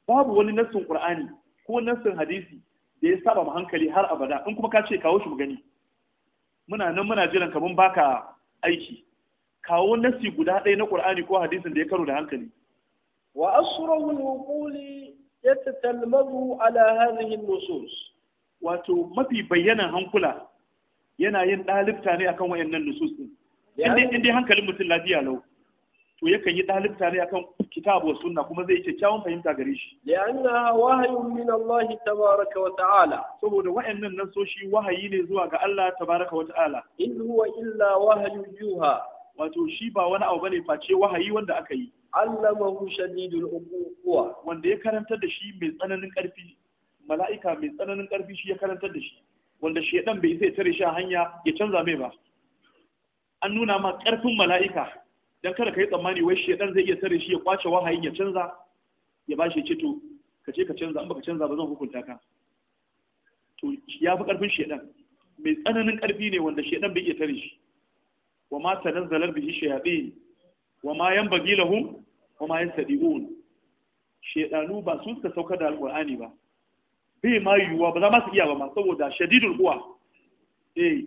babu wani nassin qur'ani ko nassin hadisi da ya saba hankali har abada in kuma ka ce kawo shi mu gani muna nan muna jiran mun baka aiki kawo nasi guda ɗaya na qur'ani ko hadisin da ya karo da hankali wa asurawun uquli yatatalmazu ala hadhihi nusus wato mafi bayyanan hankula yana yin dalibta ne akan wayannan nusus din hankalin mutum lafiya lau to yakan yi dalibta ne akan kitabu sunna kuma zai yi kyakkyawan fahimta gare shi li'anna wahayun min Allah tabaraka wa ta'ala saboda wayannan nasoshi wahayi ne zuwa ga Allah tabaraka wa ta'ala in huwa illa wahayun yuha wato shi ba wani abu bane face wahayi wanda aka yi allamahu shadidul uquwa wanda ya karantar da shi mai tsananin karfi mala'ika mai tsananin karfi shi ya karantar da shi wanda shedan bai sai tare shi hanya ya canza mai ba an nuna ma karfin mala'ika dan kada kai tsammani wai shedan zai iya tare shi ya kwace wahayin ya canza ya bashi ce to ka ce ka canza in baka canza ba zan hukunta ka to ya fi karfin shedan mai tsananin karfi ne wanda shedan bai iya tare shi wa ma tanazzalar bihi shayatin wa ma yanbaghi lahum kuma yan sadi'un shedanu ba su suka saukar da alqur'ani ba bai ma yiwuwa ba za ma su iya ba ma saboda shadidul quwa eh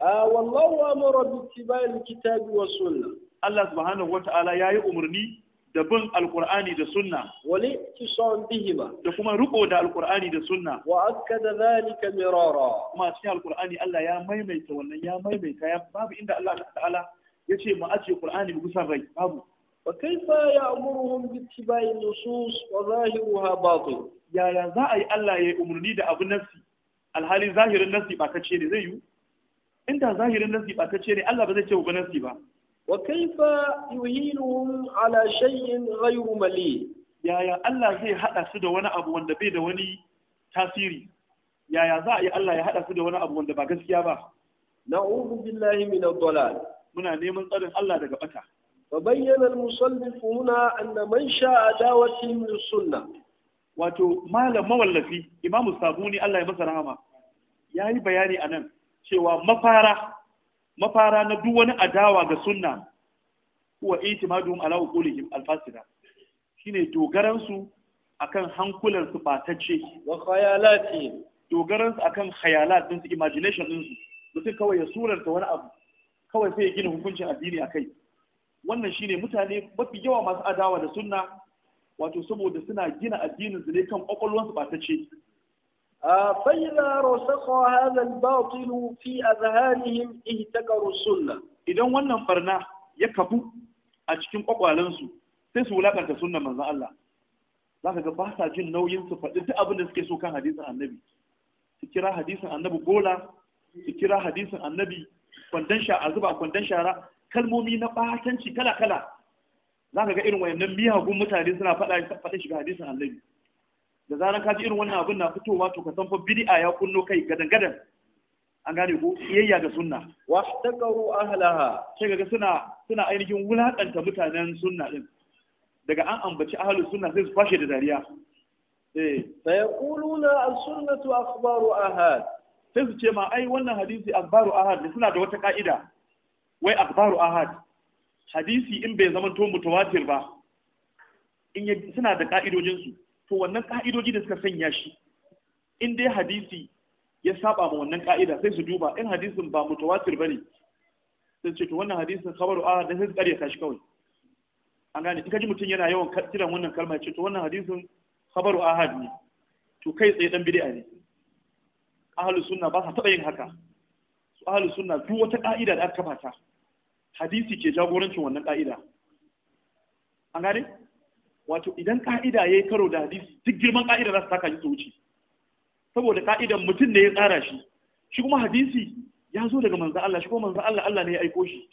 a wallahu amara bi tibai kitabi wa sunna Allah subhanahu wataala yayi umarni da bin alkur'ani da sunna wali tison bihima da kuma riko da alkur'ani da sunna wa akkada zalika mirara kuma cikin alkur'ani Allah ya maimaita wannan ya maimaita ya babu inda Allah ta'ala yace mu aje qur'ani mu gusan rai babu وكيف يأمرهم باتباع النصوص وظاهرها باطل يا يا za a Allah ya umarni da abu nafsi alhali zahirin nafsi ba kace ne zai yi inda zahirin nafsi ba kace ne Allah ba zai ce ba nafsi ba wa kaifa yuhinuhum ala shay'in ghayru mali yaya Allah zai hada su da wani abu wanda bai da wani tasiri yaya za a Allah ya hada su da wani abu wanda ba gaskiya ba muna neman tsarin Allah daga bata فبين المصنف هنا أن من شاء دعوة للسنة wato malam mawallafi imamu sabuni Allah ya masa rahama ya yi bayani a nan cewa mafara mafara na duk wani adawa ga sunna kuwa itimadum ala uqulihim alfasida shine dogaran su akan hankulan su batacce wa khayalati dogaran su akan khayalat din su imagination din su mutum kawai ya surarta wani abu kawai sai ya gina hukuncin addini akai wannan shine mutane mafi yawa masu adawa da sunna wato saboda suna gina addinin su ne kan kwakwalwansu ba ta ce فإذا رسخ هذا الباطل a أذهانهم اهتكروا sunna. idan wannan farna ya kabu a cikin kwakwalensu sai su wulakanta sunna manzon Allah zaka ga ba sa jin nauyin su faɗi ta abin da suke so kan hadisin annabi su kira hadisin annabi gola su kira hadisin annabi a zuba kwandon shara kalmomi na batanci kala-kala za ka ga irin wayannan miyagun mutane suna faɗa shiga hadisin annabi da zaran ka ji irin wannan abin na fitowa to ka san fa bid'a ya kunno kai gadan gadan an gane ko iyayya ga sunna wa taqaru ahlaha sai ga suna suna ainihin wulakanta mutanen sunna din daga an ambaci ahlus sunna sai su fashe da dariya eh fa yaquluna as-sunnatu akhbaru ahad sai su ce ma ai wannan hadisi akhbaru ahad ne suna da wata ka'ida wai akbaru ahad hadisi in bai zama to mutawatir ba in suna da ka'idojin su to wannan ka'idoji da suka sanya shi in dai hadisi ya saba ma wannan ka'ida sai su duba in hadisin ba mutawatir bane sai ce to wannan hadisin khabaru ahad da sai su karyata shi kawai an gane in kaji mutum yana yawan kiran wannan kalma ya ce to wannan hadisin khabaru ahad ne to kai tsaye dan bid'a ne ahlus sunna ba sa taba yin haka ahalus sunna duk wata ka'ida da aka bata. hadisi ke jagorancin wannan ka'ida an gane wato idan ka'ida yayi karo da hadisi duk girman ka'ida za su taka ji wuce saboda ka'idan mutum ne ya tsara shi shi kuma hadisi ya zo daga manzo Allah shi kuma manzo Allah Allah ne ya aiko shi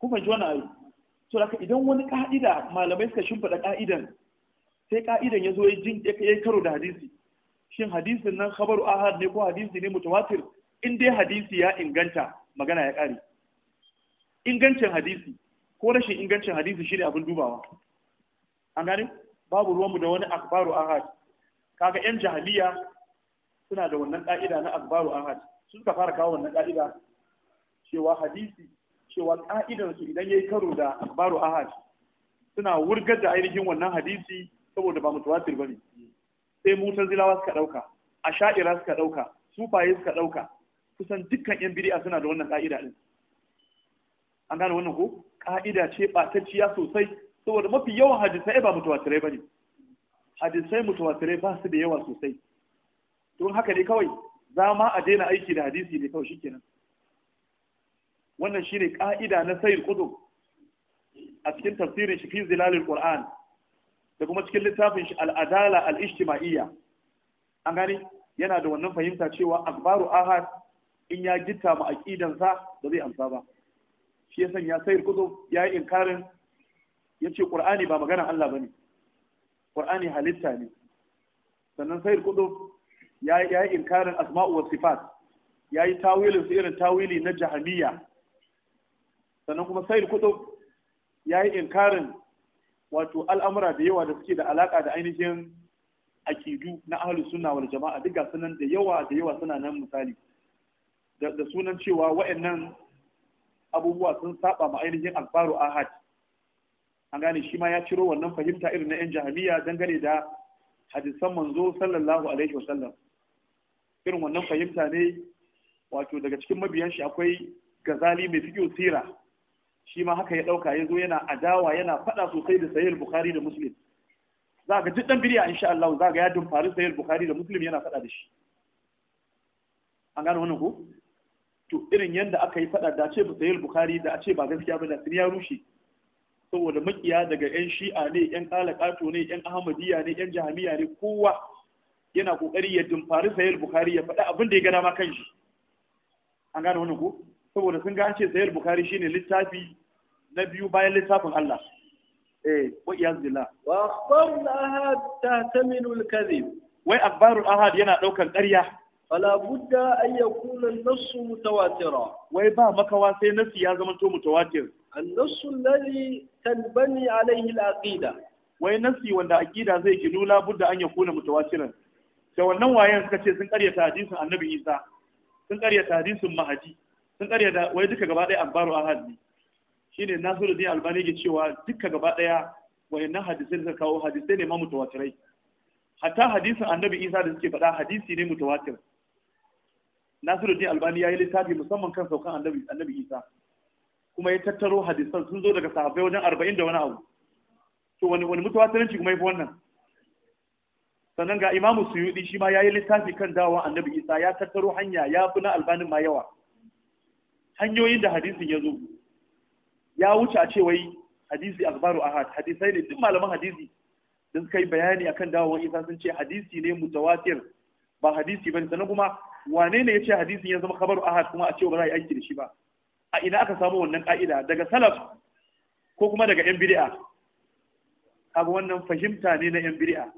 ku fahimci wannan ayi to haka idan wani ka'ida malamai suka shimfida ka'idan sai ka'idan ya zo ya jin ya karo da hadisi shin hadisin nan khabaru ahad ne ko hadisi ne mutawatir in dai hadisi ya inganta magana ya ƙare ingancin hadisi ko rashin ingancin hadisi shi ne abin dubawa an gani babu ruwanmu da wani akbaru ahad kaga yan jahiliya suna da wannan ka'ida na akbaru ahad sun ka fara kawo wannan ka'ida cewa hadisi cewa su idan yayi karo da akbaru ahad suna wurgar da ainihin wannan hadisi saboda ba mutawatir ba ne sai mutazilawa suka ɗauka asha'ira suka ɗauka sufaye suka ɗauka kusan dukkan yan bid'a suna da wannan ka'ida din an gane wannan ko ka'ida ce batacciya sosai saboda mafi yawan hadisai ba ba ne hadisai mutuwatirai ba su da yawa sosai don haka ne kawai za ma a daina aiki da hadisi ne kawai shikenan wannan shine ka'ida na sayyid qutb a cikin tafsirin shi fi zilalil qur'an da kuma cikin littafin shi al'adala al'ishtima'iyya an gani yana da wannan fahimta cewa akbaru ahad in ya gitta ma aqidansa ba zai amsa ba shi ya sanya sayyid ya yi inkarin ya ce qur'ani ba magana Allah bane qur'ani halitta ne sannan sayar kutub ya yi inkarin asma'u wa sifat ya yi tawilin su irin tawili na jahamiya sannan kuma sayar kutub ya yi inkarin wato al'amura da yawa da suke da alaka da ainihin akidu na ahlus sunna wal jama'a duk sunan da yawa da yawa suna nan misali da sunan cewa wa'annan abubuwa sun saba ma ainihin alfaru ahad an gane shi ma ya ciro wannan fahimta irin na yan jahamiya dangane da hadisan manzo sallallahu alaihi wa sallam irin wannan fahimta ne wato daga cikin mabiyan shi akwai gazali mai fiƙo sira shi ma haka ya ɗauka ya zo yana adawa yana faɗa sosai da sayar bukhari da muslim za ga duk ɗan biriya insha Allah za ga ya dumfari sayar bukhari da muslim yana faɗa da shi an gane wannan ko to irin yadda aka yi fada da ce musayil bukhari da a ce ba gaskiya ba da sun ya rushe saboda makiya daga yan shi'a ne yan kalakato ne yan ahmadiyya ne yan jahamiya ne kowa yana kokari ya dimfari sayil bukhari ya fada abin da ya gana ma kan shi an gane wannan ko saboda sun gane ce sayil bukhari shine littafi na biyu bayan littafin Allah eh wa iyazillah wa akhbarul ahad ta'tamilu al-kadhib wai akhbarul ahad yana daukan ƙarya fala budda an yakuna an-nass mutawatira wai ba makawa sai nasi ya zama to mutawatir an-nass alladhi tanbani alayhi al-aqida wai nasi wanda aqida zai ginu la budda an yakuna mutawatiran da wannan wayan suka ce sun karyata hadisin annabi Isa sun karyata hadisin mahadi sun karyata wai duka gaba ɗaya anbaru ahad ne shine Nasiruddin Albani ke cewa duka gaba ɗaya wayannan hadisai suka kawo hadisai ne ma mutawatirai hatta hadisin annabi Isa da suke faɗa hadisi ne mutawatir Nasiruddin Albani ya yi littafi musamman kan saukan annabi annabi Isa kuma ya tattaro hadisan sun zo daga sahabbai wajen arba'in da wani abu to wani wani mutawatirinci kuma yafi wannan sannan ga Imam Suyudi shi ma ya yi littafi kan dawowa annabi Isa ya tattaro hanya ya fi na Albani ma yawa hanyoyin da hadisin ya zo ya wuce a ce wai hadisi akbaru ahad hadisai ne duk malaman hadisi da suka yi bayani akan dawowa isa sun ce hadisi ne mutawatir ba hadisi bane sannan kuma wane ne ya ce hadisin ya zama kabaru ahad kuma a ce ba za a yi aiki da shi ba a ina aka samu wannan ka'ida daga salaf ko kuma daga yan bid'a kaga wannan fahimta ne na yan bid'a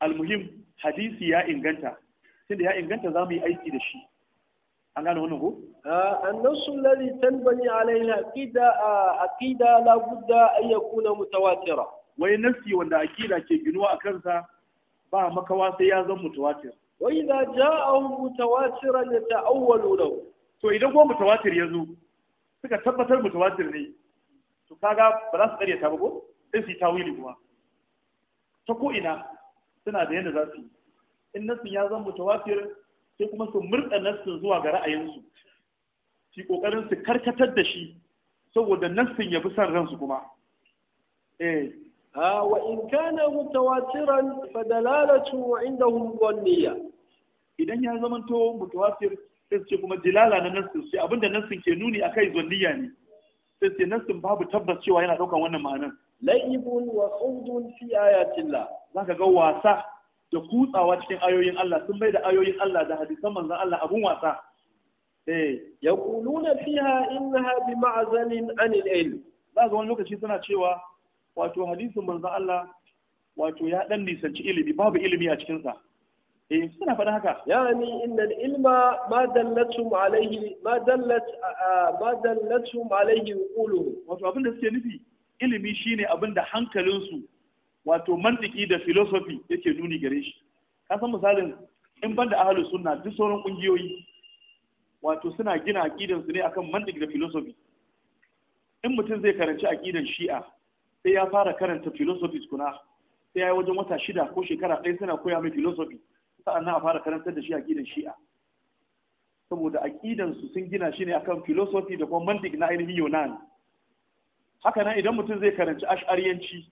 almuhim hadisi ya inganta tunda ya inganta za mu yi aiki da shi an gane wannan ko annasu alladhi tanbani alaihi aqida aqida la budda an yakuna mutawatira wai nafsi wanda aqida ke ginuwa a kansa ba makawa sai ya zama mutawatir wa idza ja'ahum mutawatiran yata'awwalu lahu to idan ko mutawatir ya zo suka tabbatar mutawatir ne to kaga ba za su tsare ta ba ko sai su yi tawili kuma ta ko ina suna da yadda za su yi in nasu ya zan mutawatir sai kuma su murda nasu zuwa ga ra'ayinsu su kokarin su karkatar da shi saboda nasu ya fi son ransu kuma eh wa in kana mutawatiran fa dalalatu indahum dhanniya idan ya to mutawatir sai ce kuma jilala na nassin sai abinda nassin ke nuni akai zalliya ne sai ce nassin babu tabbas cewa yana daukan wannan ma'anar la'ibun wa khudun fi ayatillah zaka ga wasa da kutsawa cikin ayoyin Allah sun bai da ayoyin Allah da hadisan manzon Allah abun wasa eh yaquluna fiha innaha bi ma'zalin an al-ilm bazan wani lokaci suna cewa wato hadisin manzon Allah wato ya dan nisanci ilimi babu ilimi a cikin sa eh suna faɗa haka ni inna ilma ma dallatu alaihi ma dallat ma dallatu alaihi qulu wato abin da suke nufi ilimi shine abin da hankalinsu wato mantiki da philosophy yake nuni gare shi ka san misalin in banda ahlus sunna duk sauran kungiyoyi wato suna gina aqidan su ne akan mantiki da philosophy in mutum zai karanci aqidan shi'a sai ya fara karanta philosophy kuna sai ya yi wajen wata shida ko shekara ɗaya suna koya mai philosophy sa'annan a fara karantar da shi aqidan shi'a saboda aƙidansu su sun gina shi ne akan filosofi da kuma mantik na ainihin Yunan haka nan idan mutum zai karanci ash'ariyanci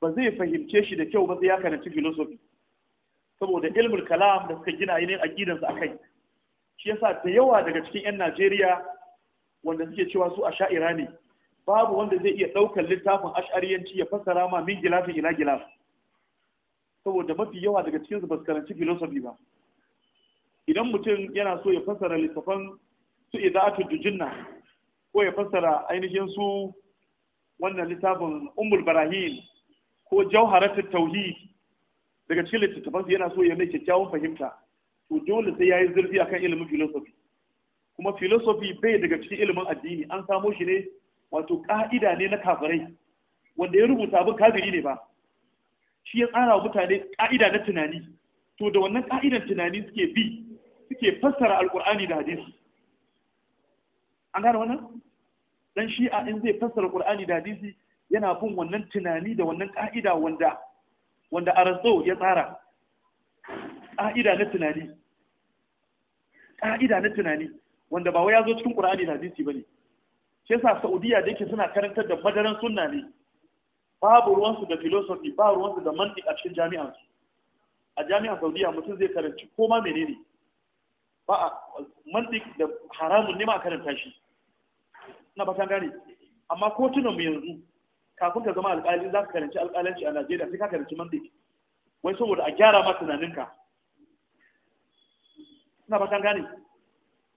ba zai fahimce shi da kyau ba sai ya karanci filosofi saboda ilmul kalam da suka gina ainihin aqidan su akai shi yasa da yawa daga cikin 'yan Najeriya wanda suke cewa su a sha'ira ne babu wanda zai iya ɗaukar littafin ash'ariyanci ya fassara ma min gilafin ila gilafin saboda mafi yawa daga cikin su karanci philosophy ba idan mutum yana so ya fassara littafan su idatu dujinna ko ya fassara ainihin su wannan littafin umul barahin ko jauharar tauhid daga cikin littattafan su yana so ya mai kyakkyawan fahimta to dole sai ya yi zurfi akan ilimin filosofi kuma filosofi bai daga cikin ilimin addini an samo shi ne wato ka'ida ne na kafirai wanda ya rubuta abin kafiri ne ba shi ya tsara wa mutane ƙa'ida na tunani to da wannan ƙa'idan tunani suke bi suke fassara alƙur'ani da hadisi an gane wannan dan shi'a in zai fassara Alƙur'ani da hadisi yana bin wannan tunani da wannan ƙa'ida wanda wanda arzo ya tsara ƙa'ida na tunani ƙa'ida na tunani wanda ba wai ya zo cikin ƙur'ani da hadisi bane shi yasa Saudiya da yake suna karantar da madaran sunna ne babu ruwansu da philosophy ba ruwansu da mantik a cikin su a jami'an saudiya mutum zai karanci ko ma menene ba a mantik da haramun ne ma a karanta shi na ba gane amma kotunan mu yanzu kafin ka zama alƙali za ka karanci alƙalanci a najeriya sai ka karanci mantik wai saboda a gyara ma tunaninka na ba gane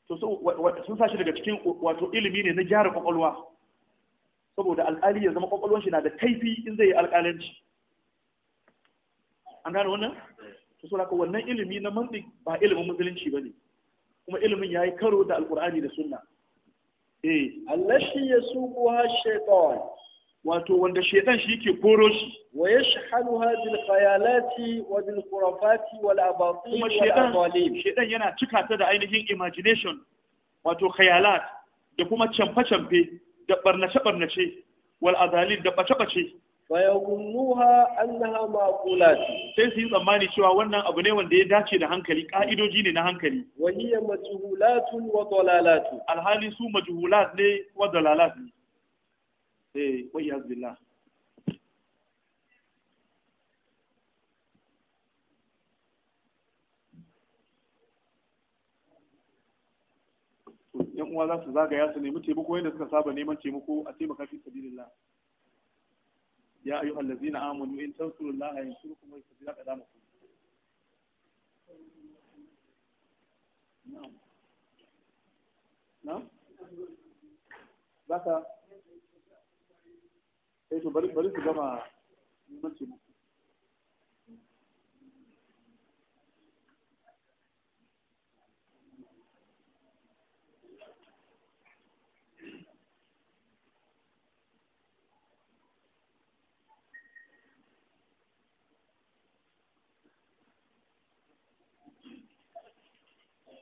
to sun sa shi daga cikin wato ilimi ne na gyara kwakwalwa saboda alƙali ya zama kwakwalwar shi na da kaifi in zai yi alƙalanci an gane wannan to so haka wannan ilimi na mantiq ba ilimin musulunci ba ne. kuma ilimin ya yi karo da Alƙur'ani da sunna eh allashi yasuquha Shaitan. wato wanda Shaitan shi yake koro shi wa yashhaluha bil khayalati wa bil khurafati wal abatil Shaitan shaytan yana cika ta da ainihin imagination wato khayalat da kuma camfe-camfe da barnace-barnace wal azalin da bace-bace fayagumnuha annaha maqulat sai su yi tsammani cewa wannan abu ne wanda ya dace da hankali ka'idoji ne na hankali wa hiya majhulatun wa dalalatu alhali su majhulat ne wa dalalat ne eh wa yazbillah yan uwa za su zagaya su nemi taimako yadda suka saba neman taimako a taimaka fi sabilillah ya ayu allazina amanu in tansurullaha yansurukum wa yuthabbit aqdamakum na'am na'am zaka eh to bari bari su gama neman taimako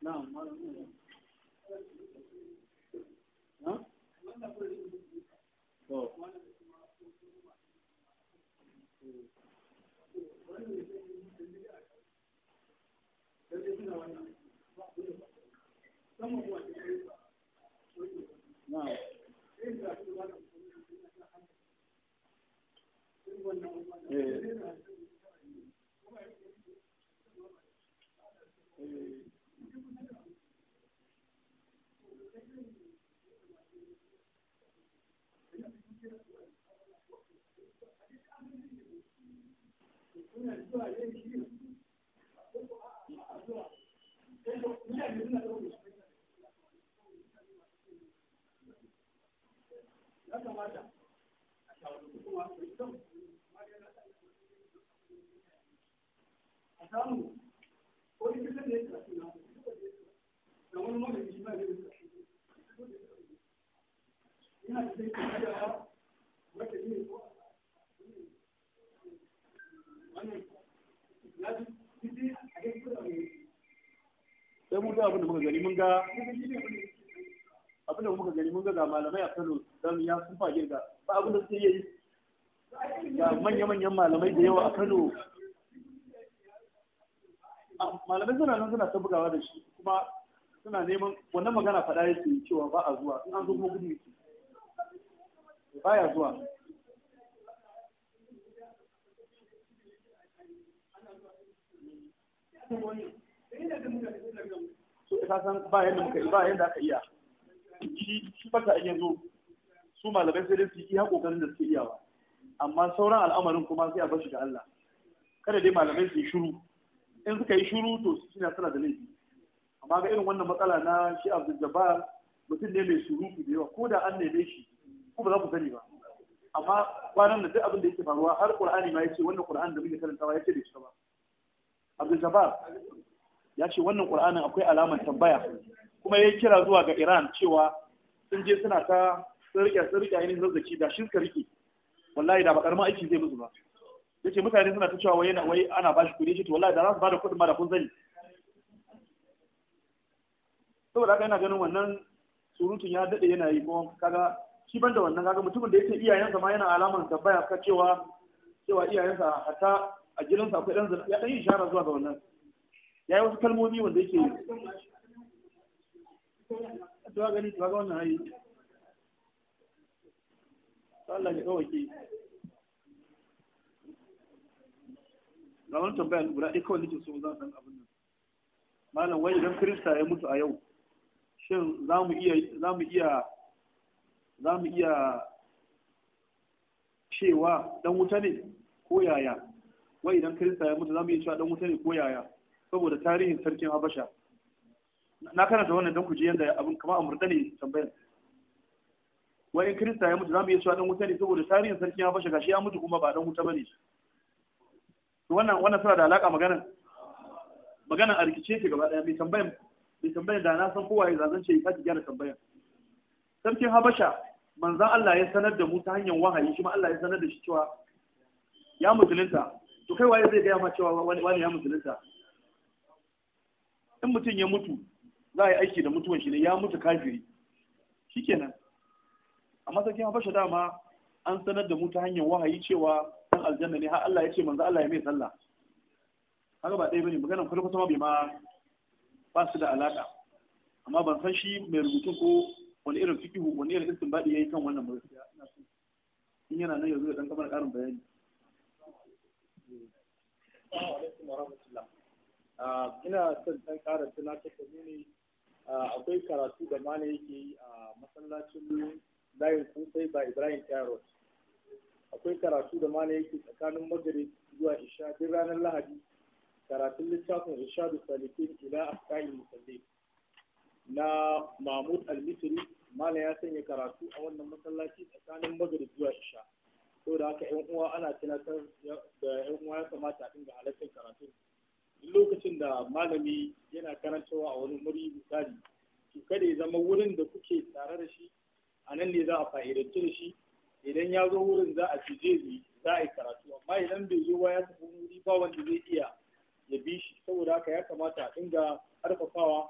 Na'am. 嗯。嗯。samu da sai ya a sai mun ga abin da muka gani mun ga abin da muka gani mun ga ga malamai a Kano dan ya sun fage ga ba abin da suke yi ga manya-manyan malamai da yawa a Kano malamai suna nan suna ta bugawa da shi kuma suna neman wannan magana faɗa ya yake cewa ba a zuwa in an zo kuma gudu yake ba ya zuwa so ka san ba yadda muka ba yadda aka iya shi shi ba ta iya zo su malamai sai dai su yi kokarin da suke iyawa amma sauran al'amarin kuma sai a bashi da ga Allah kada dai malamai su yi shiru in suka yi shuru to shi suna da laifi amma ga irin wannan matsala na shi abdul jabbar mutum ne mai surutu da yawa ko da an neme shi ko ba za ku sani ba amma kwanan da duk abin da yake faruwa har qur'ani ma yace wannan qur'ani da muke karantawa yace da shi ba abdul jabbar ya ce wannan qur'anin akwai alamar tambaya kuma ya kira zuwa ga iran cewa sun je suna ta sun rike sun rike ainihin zazzaki da shi suka rike wallahi da ba karamin aiki zai musu ba yace mutane suna ta cewa wai yana wai ana bashi kuɗi shi to wallahi da za su bada kuɗin ma da kun sani saboda haka yana ganin wannan surutun ya dade yana yi kuma kaga shi ban da wannan kaga mutumin da yake iyayensa ma yana alaman baya ka cewa cewa iyayensa hatta a gidansa akwai dan zina ya dan yi shara zuwa ga wannan Ya yi wasu kalmomi wanda yake to ga gani ga wannan hayi Allah ya kawai ga wani tambaya guda ɗaya kawai nake so zan san abin nan malam wai idan kirista ya mutu a yau shin za mu iya za mu iya za mu iya cewa dan wuta ne ko yaya wai idan kirista ya mutu za mu iya cewa dan wuta ne ko yaya saboda tarihin sarkin habasha na karanta wannan dan ji yadda abin a murda ne tambayar wai in kirista ya mutu za mu iya cewa dan wuta ne saboda tarihin sarkin habasha gashi ya mutu kuma ba dan wuta bane wannan wannan suna da alaka maganan maganan a rikice ke gaba daya mai tambayan mai tambayan da na san kowa ya zazan ce ya gyara tambayan sarkin habasha manzan Allah ya sanar da mu ta hanyar wahayi shi ma Allah ya sanar da shi cewa ya musulunta to kai waye zai gaya ma cewa wani ya musulunta in mutum ya mutu za a yi aiki da mutuwan shi ne ya mutu kafiri shikenan amma sarkin habasha dama an sanar da mu ta hanyar wahayi cewa dan aljanna ne har Allah ya ce manzo Allah ya mai sallah haka ba dai bane maganar kwata kuma bai ma ba su da alaka amma ban san shi mai rubutun ko wani irin fikihu wani irin istinbadi yayi kan wannan ba in yana nan yanzu da dan kamar karin bayani ah, ina son dan ƙara tunatar da ne ah, akwai karatu da mana yake a masallacin layin sun sai ba Ibrahim Kairos. akwai karatu da mana yake tsakanin magare, zuwa isha duk ranar lahadi karatun littafin da salifin ila asqa'il musallin na mahmud al-misri mala ya sanya karatu a wannan masallaci tsakanin magare, zuwa isha saboda haka yan uwa ana tunatar da yan uwa ya kamata a dinga halartar karatu duk lokacin da malami yana karantawa a wani muri misali to kada ya zama wurin da kuke tare da shi a nan ne za a fa'idanci da shi idan ya zo wurin za a ci ni za a yi karatu amma idan bai zo ba ya tafi wuri ba wanda zai iya ya bi shi saboda haka ya kamata a dinga karfafawa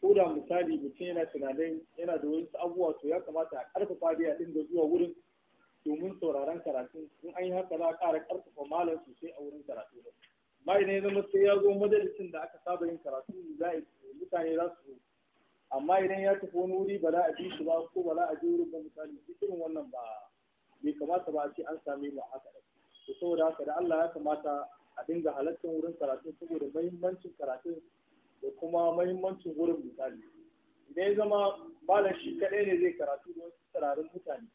ko da misali mutum yana tunanin yana da wasu abubuwa to ya kamata a karfafa dai a dinga zuwa wurin domin sauraron karatu. in an yi haka za a ƙara karfafa malam sosai a wurin karatu ba. amma idan ya zama sai ya zo majalisin da aka saba yin karatu za a mutane za su amma idan ya tafi wani wuri ba za a bi shi ba ko ba za a je wurin ba misali irin wannan ba bai kamata ba a ce an same mu haka to saboda haka da Allah ya kamata a dinga halartar wurin karatu saboda mahimmancin karatun da kuma mahimmancin wurin misali idan ya zama malam shi kaɗai ne zai karatu don tsirarin mutane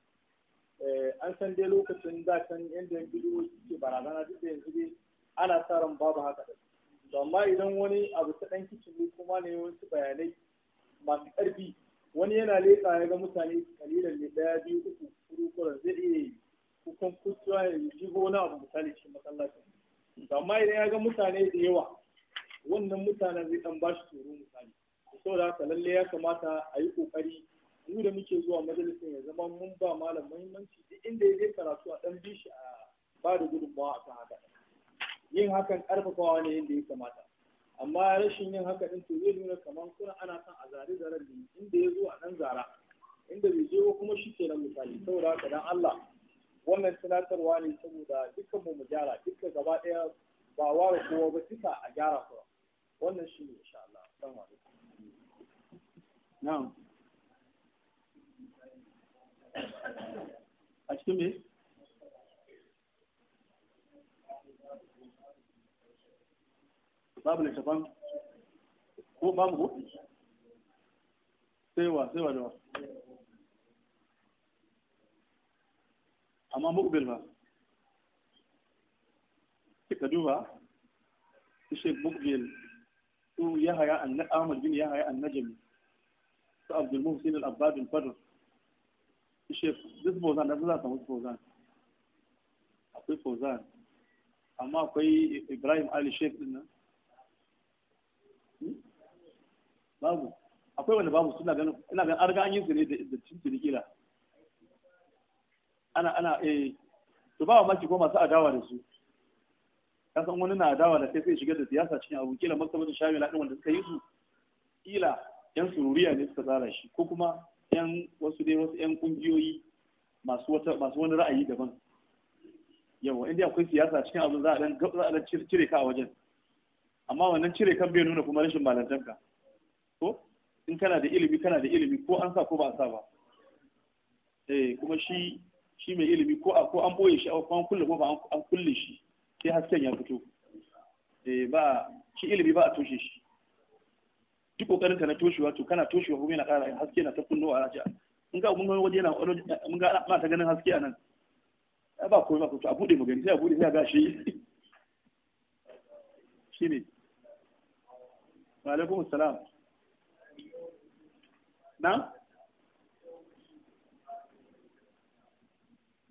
eh, an san dai lokacin da can yadda bidiyoyi ke barazana duk da yanzu dai ana sa ran babu haka da amma idan wani abu ta ɗan kicin ne kuma ne wasu bayanai masu ƙarfi wani yana leƙa ya ga mutane kalilan ne ɗaya biyu uku kuru kura zai iya yi kukan kusurwa ya ji wani abu misali shi masallacin amma idan ya ga mutane da yawa wannan mutanen zai ɗan bashi tsoro misali saboda haka lalle ya kamata a yi ƙoƙari mu da muke zuwa Majalisar ya zama mun ba malam muhimmanci duk inda ya je karatu a ɗan shi a ba da gudunmawa a kan haka yin hakan ƙarfafawa ne yadda ya kamata amma rashin yin haka din to zai nuna kamar kuna ana son a zare zaren ne inda ya zo a nan zara inda bai je kuma shi ke nan misali saboda haka dan Allah wannan tunatarwa ne saboda dukkan mu mu gyara dukkan gaba ɗaya ba ware kowa ba duka a gyara kowa wannan shi ne insha Allah wani a cikin me babu littafan ko babu ko sai wa sai wa da amma mukbil ba kika duba shi mukbil su ya haya an Ahmad bin ya haya an Najmi su Abdul Muhsin al-Abbad al-Badr shi duk Fauzan da za ta mutu Fauzan akwai Fauzan amma akwai Ibrahim Ali Sheikh din nan babu akwai wanda babu suna ganin ina ganin an an yi su ne da cin cinikila ana ana eh to ba maki ko masu adawa da su ka san wani na adawa da sai sai shigar da siyasa cikin abu kila maktabar shamila din wanda suka yi su kila yan sururiya ne suka tsara shi ko kuma yan wasu dai wasu yan kungiyoyi masu wata masu wani ra'ayi daban yawa inda akwai siyasa cikin abu za a dan za a dan cire ka a wajen amma wannan cire kan bai nuna kuma rashin malantanka ko in kana da ilimi kana da ilimi ko an sa ko ba a sa ba eh kuma shi shi mai ilimi ko a ko an boye shi ko an kulle ko ba an kulle shi sai hasken ya fito eh ba shi ilimi ba a toshe shi duk kokarin ka na toshewa to kana toshewa kuma yana ƙara haske na ta kunno a raja in ga mun waje yana mun ga ba ta ganin haske a nan ba komai ba to a bude mu gani sai a bude sai a ga shi ne wa alaikum assalam na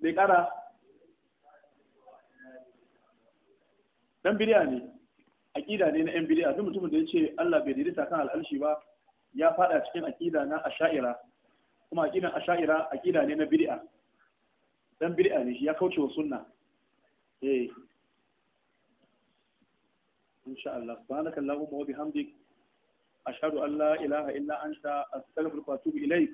bai kara dan bidiya ne ƙida ne na yan biriya duk mutumin da ya ce Allah bai daidaita kan al'alshi ba ya fada cikin ƙida na asha'ira kuma aqidan asha'ira ƙida ne na biriya dan biriya ne ya kauce wa sunna eh insha Allah subhanakallahumma wa bihamdika A an Allah, ilaha illa anta astaghfiruka wa atubu ilaik